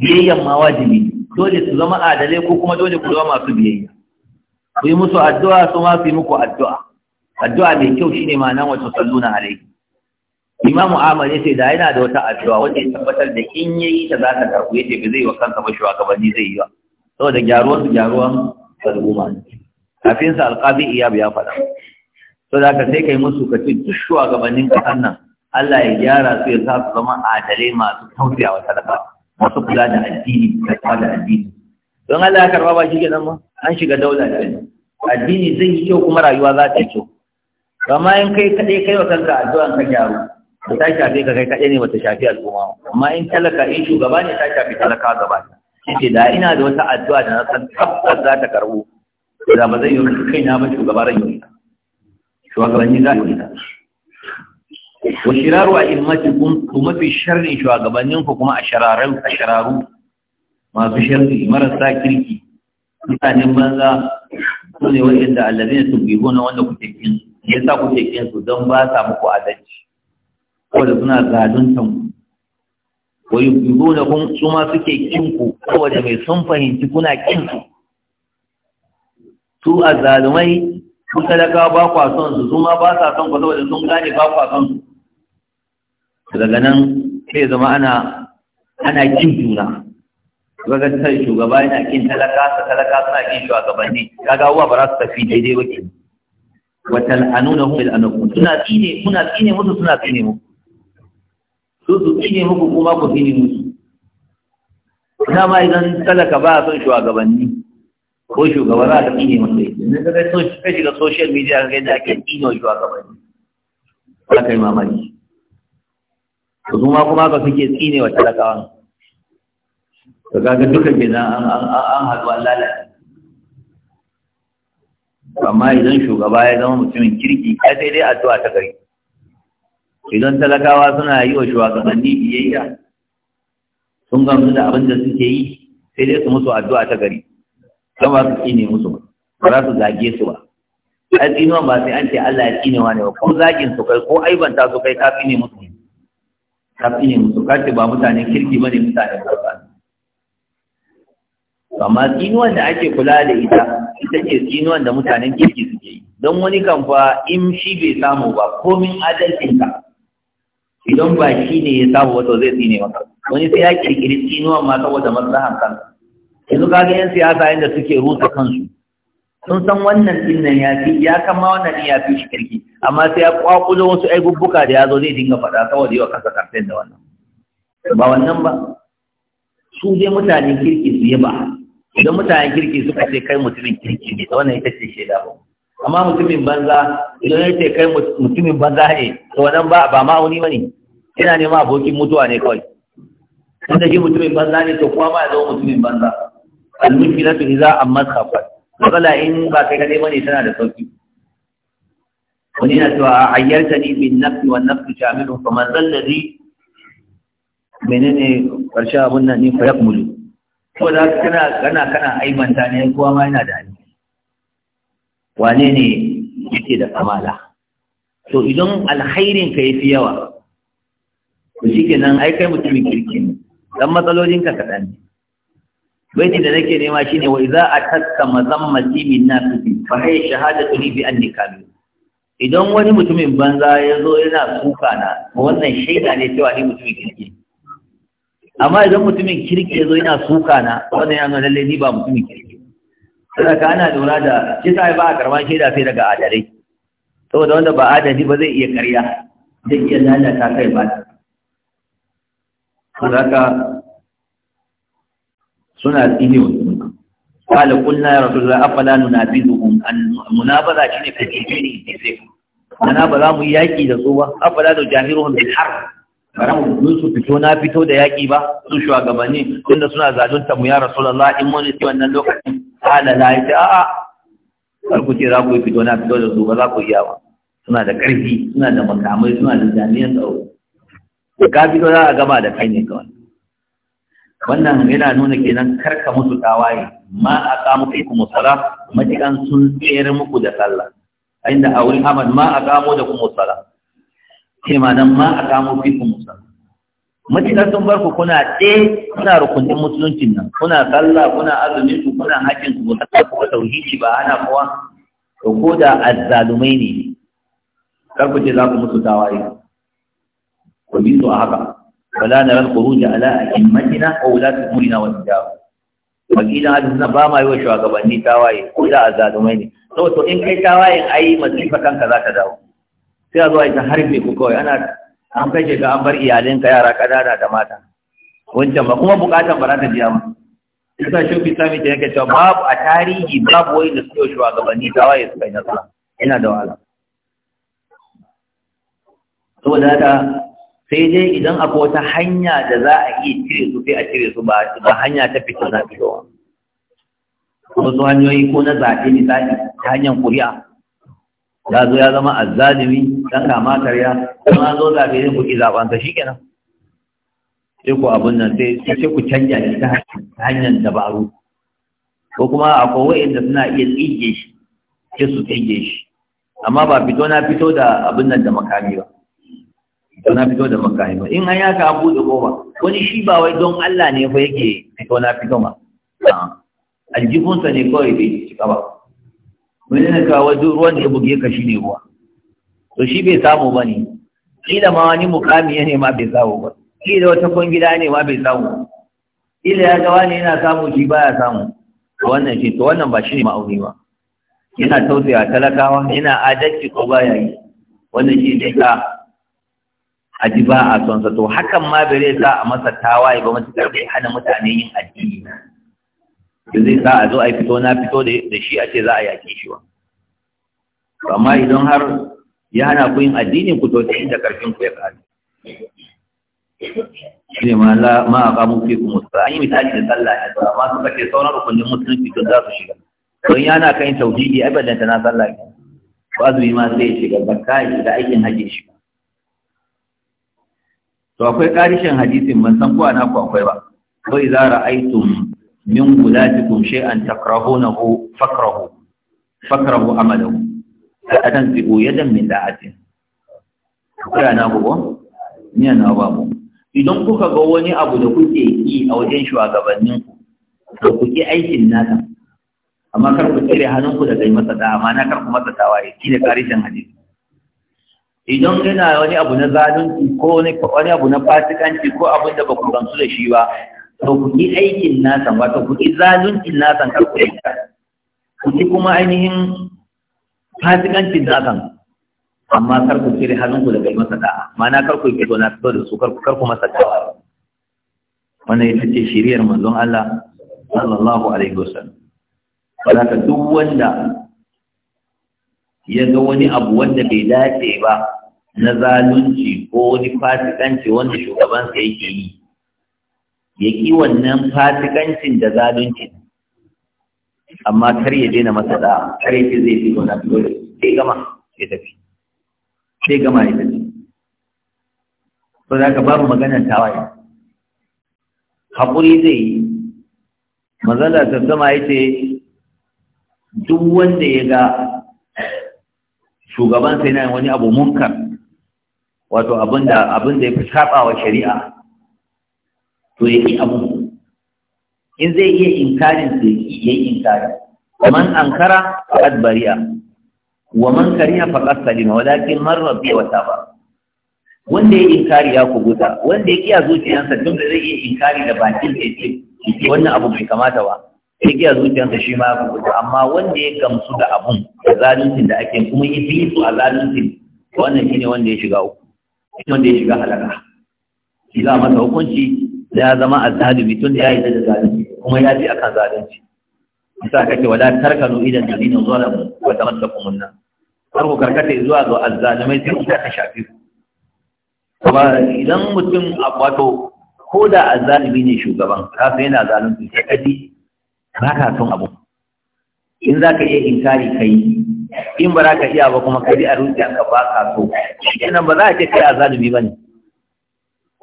S1: biyayyan ma wajibi dole su zama adalai ko kuma dole ku zama masu biyayya ku yi musu addu'a su ma su yi muku addu'a addu'a mai kyau shine ma'anar sallu salluna alaihi Imam amal ya ce da yana da wata addu'a wanda ya tabbatar da in ya yi ta za ta Ya ce ba zai wa kansa ba shugabanni zai yi ba saboda gyaruwar su gyaruwar al'umma ne kafin sa alqabi iyab ya faɗa to da ka sai kai musu ka ce duk shugabannin kasan nan Allah ya gyara su ya sa su zama adalai masu tausaya wa talaka masu kula da addini da kula da addini don Allah ya karba ba shi kenan ma an shiga daula da addini zai yi kyau kuma rayuwa za ta yi kyau amma in kai kaɗai kai wa kanka addu'an ka gyaru ta shafe ka kai kaɗai ne ba ta shafi al'umma amma in talaka in shugaba ne ta shafi talaka gaba ce da ina da wata addu'a da na san tabbas za ta karɓo da ba zai yi kai na ba shugaba ran yi shugabanni za a yi wa shiraru a ilmatikum ku mafi sharrin shugabannin ku kuma a shararu a shararu masu sharri marasa kirki mutanen banza su ne su allazina tubbihuna wanda ku tekin kin yasa ku kin su don ba sa muku adalci saboda suna zaluntan ku wa yubbihuna kun su ma suke kin ku saboda mai sun fahimci kuna kin su su a zalumai, su talakawa ba kwa son su su ma ba sa son ku saboda sun gane ba kwa son su daga nan sai zama ana ana kin juna daga sai shugaba yana kin talaka sa talaka suna kin shugabanni kaga uwa ba za su tafi daidai wake wa hum bil anakum suna tsine kuna tsine musu suna tsine mu su su tsine muku kuma ku tsine musu dama idan talaka ba son shugabanni ko shugaba za ka tsine musu ne daga so ka shiga social media ga yadda ake tsine shugabanni ba kai mamaki to kuma kuma ka suke tsine wa talakawan to kaga duka kenan an an an haɗu an lalace amma idan shugaba ya zama mutumin kirki ya sai dai addu'a ta gari idan talakawa suna yi wa shugabanni biyayya sun gamsu da abin da suke yi sai dai su musu addu'a ta gari don ba su tsine musu ba ba za su zage su ba ai tsinuwan ba sai an ce Allah ya tsinewa ne ba ko zagin su kai ko aibanta su kai ka tsine musu ne. ka yin musu kace ba mutane kirki bane mutane karfa amma tsinuwan da ake kula da ita ita ce tsinuwan da mutanen kirki suke yi don wani kan fa in shi bai samu ba komin ka? idan ba shi ne ya samu wato zai tsine maka wani sai ya kirkiri tsinuwan ma saboda maslahan kansa yanzu kaga yan siyasa yanda suke rusa kansu sun san wannan din nan ya fi ya kama wannan din ya fi shi kirki amma sai ya kwakulo wasu aibubbuka da ya zo zai dinga faɗa saboda yawa kasa kafin da wannan ba wannan ba su dai mutanen kirki su yi ba idan mutanen kirki suka ce kai mutumin kirki ne wannan ita ce shaida ba amma mutumin banza idan ya ce kai mutumin banza ne to wannan ba ba ma'auni ba ne yana nema abokin mutuwa ne kawai da shi mutumin banza ne to kuma ma ya zama mutumin banza al-mushkilatu idza ammat khafat matsala in ba kai kadai ne tana da sauki wani na cewa a hayyarta ni bin nafi wa nafsi shamilu fa man zallazi menene karshe abun nan ni fa yakmulu ko da kana kana kana aibanta ne kowa ma yana da aiki. wane ne yake da kamala to idan alkhairin ka yafi yawa to shikenan ai kai mutumin kirki ne dan matsalolin ka ne baiti da nake nema shine wa idza atatka mazammati min nafsi fa hay shahadatu li bi anni kamil idan wani mutumin banza ya zo yana suka na wannan shaida ne cewa ni mutumin kirki amma idan mutumin kirki ya zo yana suka na wannan yana lalle ni ba mutumin kirki sai ka ana dora da shi sai ba a karban shaida sai daga adare saboda wanda ba adadi ba zai iya karya zai iya lalata kai ba saboda suna tsine wa juna qala qulna ya rasulullah afala nunabizuhum an munabaza ne ka jibiri ne sai ana ba za mu yi yaƙi da su ba afala da jahiruhum bil har. bara mu su fito na fito da yaƙi ba su shugabanni tunda suna zalunta mu ya rasulullah in mun ci wannan lokacin qala la ya a a kar ku ce za ku yi fito na fito da su ba za ku iya ba suna da ƙarfi suna da makamai suna da jami'an tsaro ka fito za a gama da kai ne kawai wannan yana nuna kenan karka musu tawaye ma a kamo fi kuma sala matikan sun tsere muku da sallah inda a wurin Ahmad ma a kamo da kuma sala ce ma nan ma a kamo fi kuma sala matikan sun bar ku kuna tsaye kuna rukunin musuluncin nan kuna sallah kuna azumin ku kuna hakkin ku ba ku tauhidi ba ana kowa to ko da azzalumai ne kar ku ce za ku musu tawaye ku bi su a haka na kuru ولا نرى الخروج على أئمتنا أو ولاة wani والإدارة wakilin hadisuna ba ma yi wa shugabanni waye, ko da a zalumai ne sau to in kai tawayen ai masifa kanka za ka dawo sai a zo a yi ta harbe ku kawai ana an kai shekaru an bar iyalinka yara kadada da mata wancan ba kuma bukatan ba za ta biya ba sa shi fi sami ta yanke cewa babu a tarihi babu wani da suke shugabanni ta tawaye su kai nasara ina da wahala sai dai idan akwai wata hanya da za a iya cire su sai a cire su ba hanya ta fito na fitowa wasu hanyoyi ko na zaɓe misali ta hanyar kuri'a ya zo ya zama azzalimi dan kama karya kuma zo zaɓe zai kuɗi zaɓen ka shikenan sai ku abin nan sai sai ku canja shi ta hanyar dabaru ko kuma akwai wa'inda suna iya tsige shi sai su tsige shi amma ba fito na fito da abin nan da makami ba fito na fito da makami ba in an yaka an da goma wani shi ba wai don Allah ne fa yake fito na fito ma sa ne kawai bai cika ba wani ne ka wajen ruwan da ya buge ka shi ne ruwa to shi bai samu ba ne kila ma wani mukami ne ma bai samu ba kila wata kwangila ne ma bai samu kila ya ga wani yana samu shi baya samu to wannan shi to wannan ba shi ne ma'auni ba yana tausaya talakawa yana adalci ko baya yi wannan shi ne ka a ji ba a sonsa to hakan ma bai sa a masa tawaye ba matuƙar bai hana mutane yin
S2: addini da zai
S1: sa a zo a fito na fito da shi a ce za a yaƙe shi ba amma idan har ya hana ku yin addini ku to ta inda karfin ku ya kare shi ne ma a kamun fi kuma an yi misali da sallah ya zama ma suka ce sauran rukunin musulunci don za su shiga don yana kan tauhidi ai ballanta na sallah ba azumi ma sai ya shiga ba kai da aikin hajji shiga to akwai ƙarishin hadisin ban san ko ana ku akwai ba ko idza ra'aytum min gulatikum shay'an takrahunahu fakrahu fakrahu amalahu la tanzi'u yadan min da'atin kira na gobo ni na ba mu idan kuka ga wani abu da kuke yi a wajen shugabannin ku to ku yi aikin nasa amma kar ku tsire hannunku daga masa da amana kar ku masa tawaye shi ne tarihin hadisi idan yana wani abu na zalunci ko wani abu na fasikanci ko abin da ba ku gamsu da shi ba to ku yi aikin nasan wato ku yi zalunci nasan karku ku yi ku yi kuma ainihin da kan. amma kar ku cire hannunku daga yi masa da'a Mana kar ku yi fito na fito da su kar ku masa da'a wannan ita ce shiriyar manzon Allah sallallahu alaihi wasallam ka duk wanda ya ga wani abu wanda bai dace ba na zalunci ko wani fasikanci wanda shugabansa yake yi ya ƙi wannan fasikancin da zalunci amma kar ya daina masa da kar ya ce zai fi wani, dole sai gama ya tafi sai gama ya tafi to da babu maganar tawaye haƙuri zai yi mazala ta sama ya ce duk wanda ya ga shugaban sai yana wani abu munkar wato abin da ya fi saba wa shari'a to ya abu in zai iya inkarin to ya yi inkarin man ankara faqad bari'a wa man kariya faqad salima walakin man rabbi wa taba wanda ya inkari ya kubuta wanda ya kiya zuciyarsa tun da zai iya inkari da bakin da ya wannan abu bai kamata ba yake giya zuciyarsa shi ma ya kuɓuta amma wanda ya gamsu da abun da zalincin da ake kuma ya fi su a zalincin wannan shine wanda ya shiga uku wanda ya shiga halaka shi za masa hukunci ya zama azzalumi tun da ya yi da zalunci kuma ya ji akan zalunci sa kake wala tarkanu idan dalilin zalamu wa tamassakum nan har ku karkata zuwa ga azzalimai sai ku ta shafi ku kuma idan mutum wato ko da azzalimi ne shugaban kafin yana zalunci sai kaji ba ka son abu in za ka iya inkari ka yi in ba za ka iya ba kuma ka bi a rukiya ka ba ka so kenan ba za a ce kai a zalumi ba ne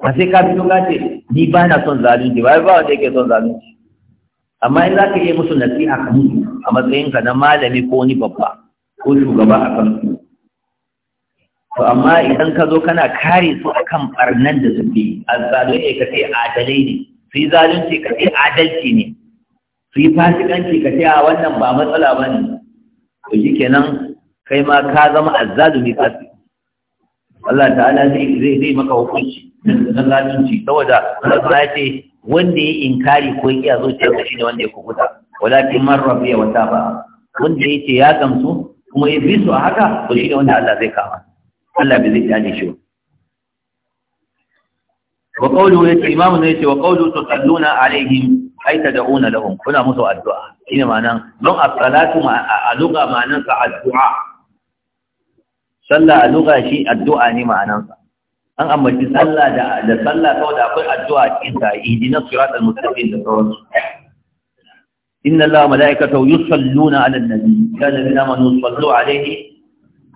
S1: a sai ka fito ka ce ni ba na son zalunci ba ba wanda yake son zalunci amma in za ka iya musu nasiha ka mutu a matsayinka na malami ko wani babba ko shugaba a kan to amma idan ka zo kana kare su akan barnan da suke a ne ka ce adalai ne su yi zalunci ka ce adalci ne su yi fasikanci ka ce a wannan ba matsala ba ne to shi kenan kai ma ka zama azzalumi fasi Allah ta'ala zai zai maka hukunci na zalunci saboda Allah ya ce wanda ya inkari ko ya kiyazo ce shi ne wanda ya kukuta walakin man rafiya wa taba wanda ya ce ya gamsu kuma ya bi su a haka to shi ne wanda Allah zai kama Allah bai zai tani shi wa qawluhu yace imamu ne yace wa qawluhu tusalluna alaihim ai ta da'una lahum kuna musu addu'a shine ma'anan don as-salatu a lugha ma'anan sa addu'a sallah a lugha shi addu'a ne ma'anansa. an ambaci sallah da da sallah da akwai addu'a cikin ta idina siratal mustaqim da sauransu inna allaha malaikatahu yusalluna 'alan nabi ya allazina amanu sallu 'alaihi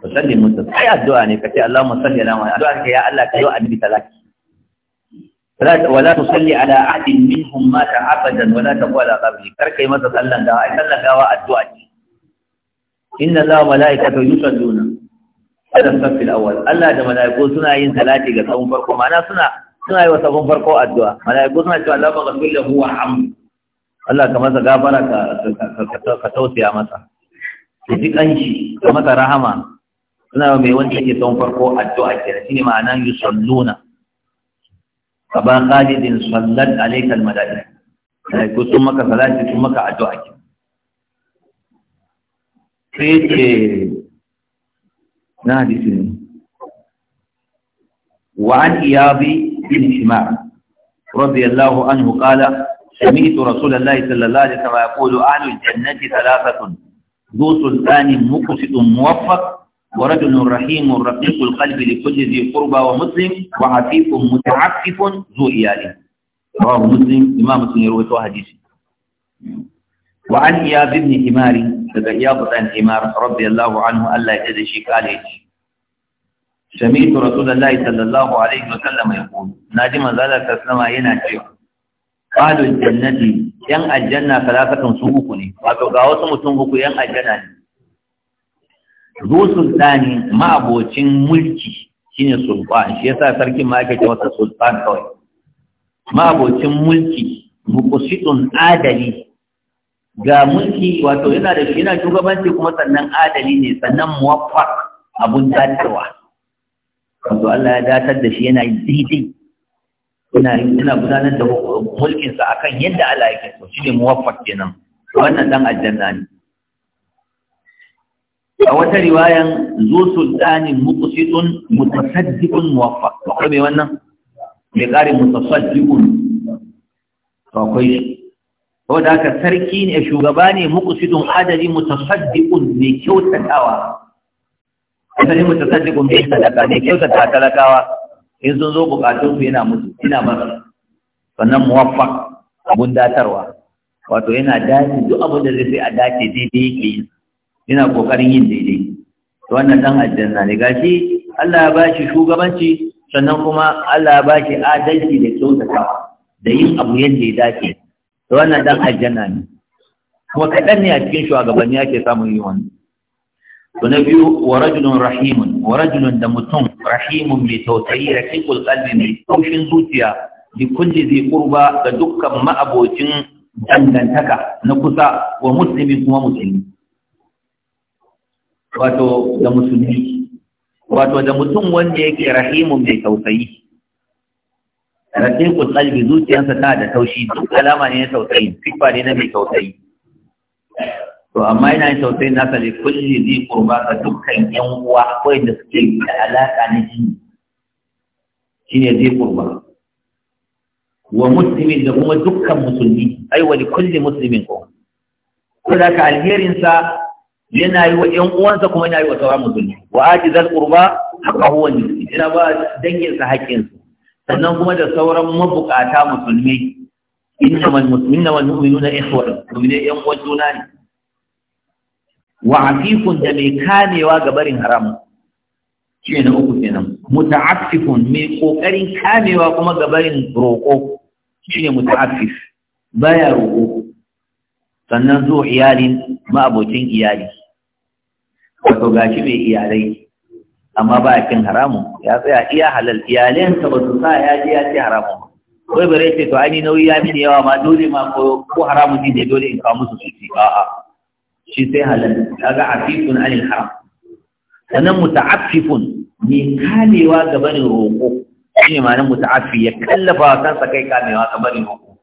S1: wa sallimu taslima ai addu'a ne kace allahumma salli ala muhammad addu'a ya allah kayo annabi talaki wala ta salli ala ahadin minhum mata abadan wala a qala qabri kar kai masa sallan gawa ai sallan gawa addu'a ce inna allaha wa malaikatahu yusalluna ala safi al-awwal allah da suna yin ga sabon farko mana suna suna yi wa sabon farko addu'a malaiku suna cewa allahumma ghfir lahu warhamhu allah ka masa gafara ka ka tausaya masa ji kanshi ka masa rahama suna mai wanda yake sabon farko addu'a kenan shine ma'anan yusalluna aba khalidin sallat alaikal malaika ko sun maka salati sun maka addu'a ki sai ke na hadisi ne wa an iyabi bin shimar رضي الله عنه قال سمعت رسول الله صلى الله عليه وسلم يقول أهل ذو سلطان مقسط موفق ورجل رحيم رقيق القلب لكل ذي قربى ومسلم وعفيف متعفف ذو إياله رواه مسلم إمام مسلم يروي حديثه وعن إياب بن حمار daga Iyab dan Himar radiyallahu anhu Allah ya da shi kale shi Sami'tu Rasulullahi sallallahu alaihi wa sallam yaqul naji manzala sallama yana cewa qalu jannati yan aljanna salasatun su uku ne wato ga wasu mutum uku yan aljanna ne zu sultani ma'abocin mulki shine sultan shi yasa sarkin ma ake cewa sultan kawai ma'abocin mulki muqsitun adali ga mulki wato yana da yana shugabanci kuma sannan adali ne sannan muwaffaq abun datarwa wato Allah ya datar da shi yana daidai yana yana gudanar da mulkin sa akan yadda Allah yake so shine muwaffaq kenan wannan dan aljanna ne a wata riwayan zo sultanin muqsitun mutasaddiqun ba akwai mai wannan mai ƙarin mutasaddiqun to akwai shi da aka sarki ne shugaba ne muqsitun adali mutasaddiqun mai kyautatawa asali mutasaddiqun mai sadaka mai kyautata talakawa in sun zo bukatun su yana mutu, ina ba sannan muwaffa abun datarwa wato yana dace duk abin da zai sai a dace daidai yake yin yana kokarin yin daidai to wannan dan aljanna ne gashi Allah ya bashi shugabanci sannan kuma Allah ya bashi adalci da kyautata da yin abu yadda ya dace to wannan dan aljanna ne kuma kaɗan ne a cikin shugabanni ake samun yi wannan to na biyu wa rajulun rahimun wa rajulun da mutum rahimun mai tausayi rafiqul qalbi mai taushin zuciya bi kulli zai qurba ga dukkan ma'abocin dangantaka na kusa wa muslimin kuma musulmi wato da musulmi wato da mutum wanda yake rahimun mai tausayi rafiqul qalbi zuciyarsa ta da taushi duk alama ne na tausayi sifa ne na mai tausayi to amma yana yin tausayi na sa kulli zai qurba ga dukkan yan uwa da suke da alaka na jini shine zai qurba wa muslimin da kuma dukkan musulmi ai da kulli muslimin ko ko da ka alherinsa? yana yi wa ƴan uwansa kuma yana yi wa sauran musulmi wa aji zal qurba haqqahu wa nisfi yana ba danginsa sa sannan kuma da sauran mabukata musulmi innamal muslimuna wal mu'minuna ikhwatun mu'minai ƴan uwan juna ne wa afifun da mai kamewa ga barin haramun shi na uku kenan muta'affifun mai kokarin kamewa kuma ga barin roƙo shine muta'affif baya roƙo sannan zuwa iyalin ma'abocin iyali wato gashi mai iyalai amma ba ya cin haramun ya tsaya iya halal ta ba su sa ya ji ya ce haramun wai bare ce to ani nauyi ya mini yawa ma dole ma ko ko haramun shi ne dole in kawo musu su a a'a shi sai halal kaga afifun anil haram sannan muta'affifun Ni kamewa ga barin roƙo shine ma nan muta'affi ya kallafa wa kansa kai kamewa ga barin roƙo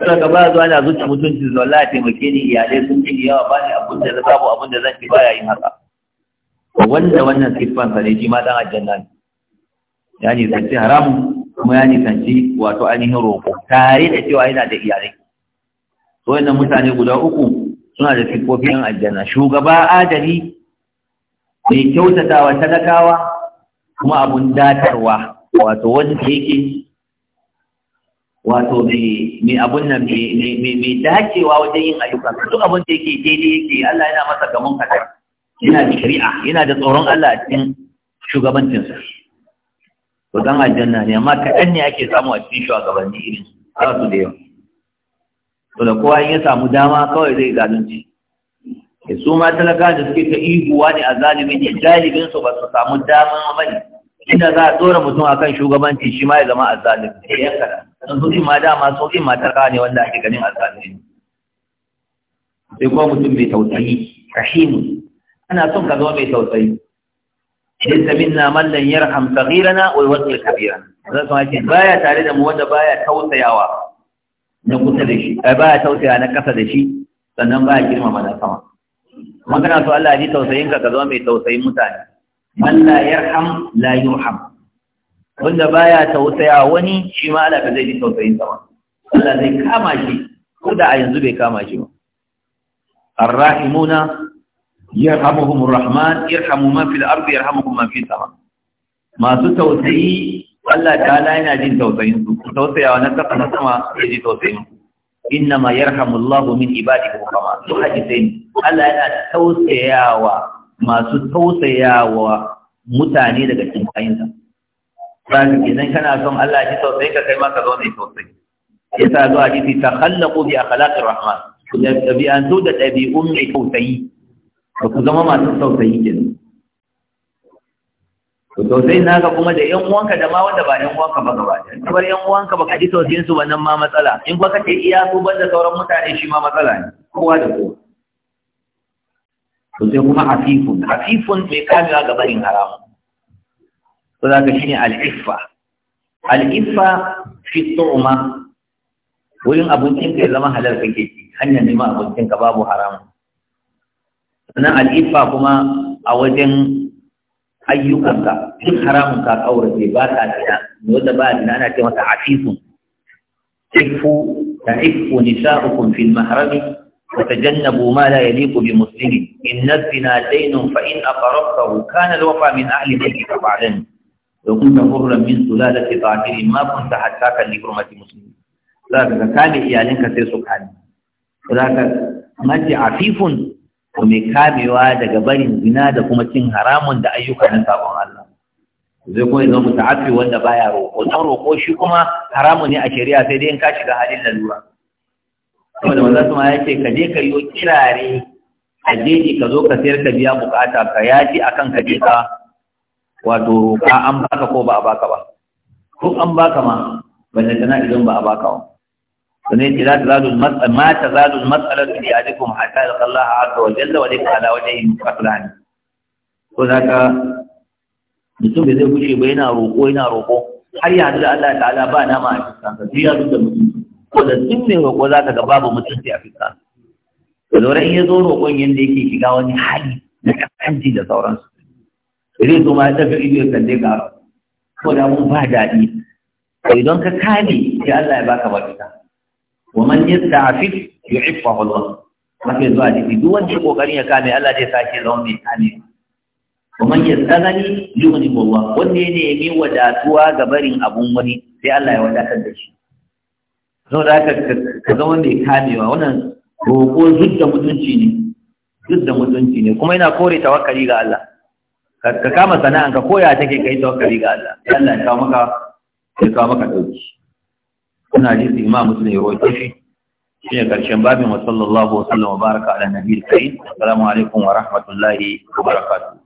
S1: kuma ka ba zuwa na zuci mutunci da wallahi taimake ni iyalai sun ci yawa ba ni abin da babu abin da zan ci baya yin haka wanda wannan sa ne shi ma dan aljanna ne ya nisanci haram kuma ya nisanci wato ainihin roƙo tare da cewa yana da iyalai to wannan mutane guda uku suna da siffofi siffofin aljanna shugaba adali mai kyautatawa talakawa kuma abun datarwa wato wanda yake wato mai abun nan mai dacewa wajen yin ayyukan duk abun da yake daidai yake Allah yana masa gamon kadai yana da shari'a yana da tsoron Allah a cikin shugabancinsa to dan aljanna ne amma kaɗan ne ake samu a cikin shugabanni irin za su da yawa to da kowa ya samu dama kawai zai zalunci ya eh, su ma talaka da suke ta ihuwa ne a zalimin ne galibin su ba su samu ba ne inda za a tsora mutum akan shugabanci shi ma ya zama a zalimin ne eh, ya kada sun su ma dama ma talaka ne wanda ake ganin a zalimin sai kuma mutum mai tausayi rahimu ana son ka zama mai tausayi laysa minna man lam yarham saghirana wa yuwaqqi kabirana zan san ake baya tare da mu wanda baya tausayawa na kusa da shi eh, baya tausaya na kasa da shi sannan baya girmama na sama magana to Allah ya ji tausayin ka ka zama mai tausayin mutane man la yarham la yurham wanda baya tausaya wani shi ma Allah ka zai ji tausayin sa Allah zai kama shi ko da a yanzu bai kama shi ba arrahimuna yarhamuhumur rahman irhamu man fil ardi yarhamukum man fis sama masu tausayi Allah ta'ala yana jin tausayin su tausayawa na kafa na sama ya ji tausayin ku inna ma yarhamullahu min ibadihi kama su hadisin Allah yana tausayawa masu tausayawa mutane daga cikin bayinsa zaka idan kana son Allah ya ji tausayi ka kai ma ka zo ne tausayi yasa zuwa hadisi takhallaqu bi akhlaqir rahman da tabi'an da tabi'un mai tausayi ba ku zama masu tausayi kenan Tausayi na naka kuma da yan uwanka da ma wanda ba yan uwanka ba gaba da bar yan uwanka ba ka ji tausayin su ba nan ma matsala in ba ka ce iya su da sauran mutane shi ma matsala ne kowa da kowa to sai kuma hafifun hafifun mai kamewa ga barin haramu to za ka shine al'iffa al'iffa fi tsoma wurin abincin ka ya zama halal kake ci hanyar neman abincin ka babu haramu sannan al'ifa kuma a wajen ayyukanka duk haramun ka kaurace ba ta tsaya ne wata ba ta ana ce masa afifun ifu ta ifu nisa'ukum fil mahrami wa tajannabu ma la yaliqu bi muslimin in nazzina daynun fa in aqrabtahu kana al wafa min ahli bayti fa ba'dan wa kunta hurran min sulalati ta'tirin ma kunta kan li hurmati muslimin la ka kana iyalinka sai su kani za ka maji afifun ko mai kamewa daga barin zina da kuma cin haramun da ayyuka na sabon Allah zai kuma zama muta'affi wanda baya roƙo don roƙo shi kuma haramun ne a shari'a sai dai in ka shiga halin lalura kuma da manzo suma ya ce ka je ka yi kirare ka je ka zo ka sayar ka biya bukata ka yaji akan ka je ka wato roƙa an baka ko ba a baka ba ko an baka ma balle tana idan ba a baka ba فنيت لا تزال المسألة ما تزال المسألة في أحدكم حتى يلقى الله عز وجل وليس على وجهه مستقلان وذاك mutum da zai wuce ba yana roƙo yana roƙo har ya da Allah ta'ala ba nama a fiskansa sai ya zuba mutum ko da duk mai roƙo za ka ga babu mutunci a fiskansa
S2: da zaure in ya zo
S1: roƙon yadda yake shiga wani hali na kasanci da sauransu zai zo ma ya daga ido ya kalle ka ko da mun ba daɗi to idan ka kame sai Allah ya baka mafita wa man yasta'fif yu'iffahu Allah mafi zuwa jiki duk wanda ya kokarin ya kame Allah zai sake zama mai kame wa man yastaghni yughni Allah wanda ya wa wadatuwa ga barin abun wani sai Allah ya wadatar da shi saboda haka ka zama mai kamewa wannan roƙo duk da mutunci ne duk da mutunci ne kuma yana kore tawakkali ga Allah ka kama sana'an ka koya take kai tawakkali ga Allah Allah ya kawo maka ya kawo maka dauki kuna hadisi imam muslim ya roƙe shi shi ne ƙarshen babin wa sallallahu wa sallam wa baraka ala nabiyil karim assalamu alaikum wa rahmatullahi wa barakatuh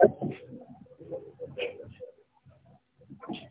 S1: Thank you.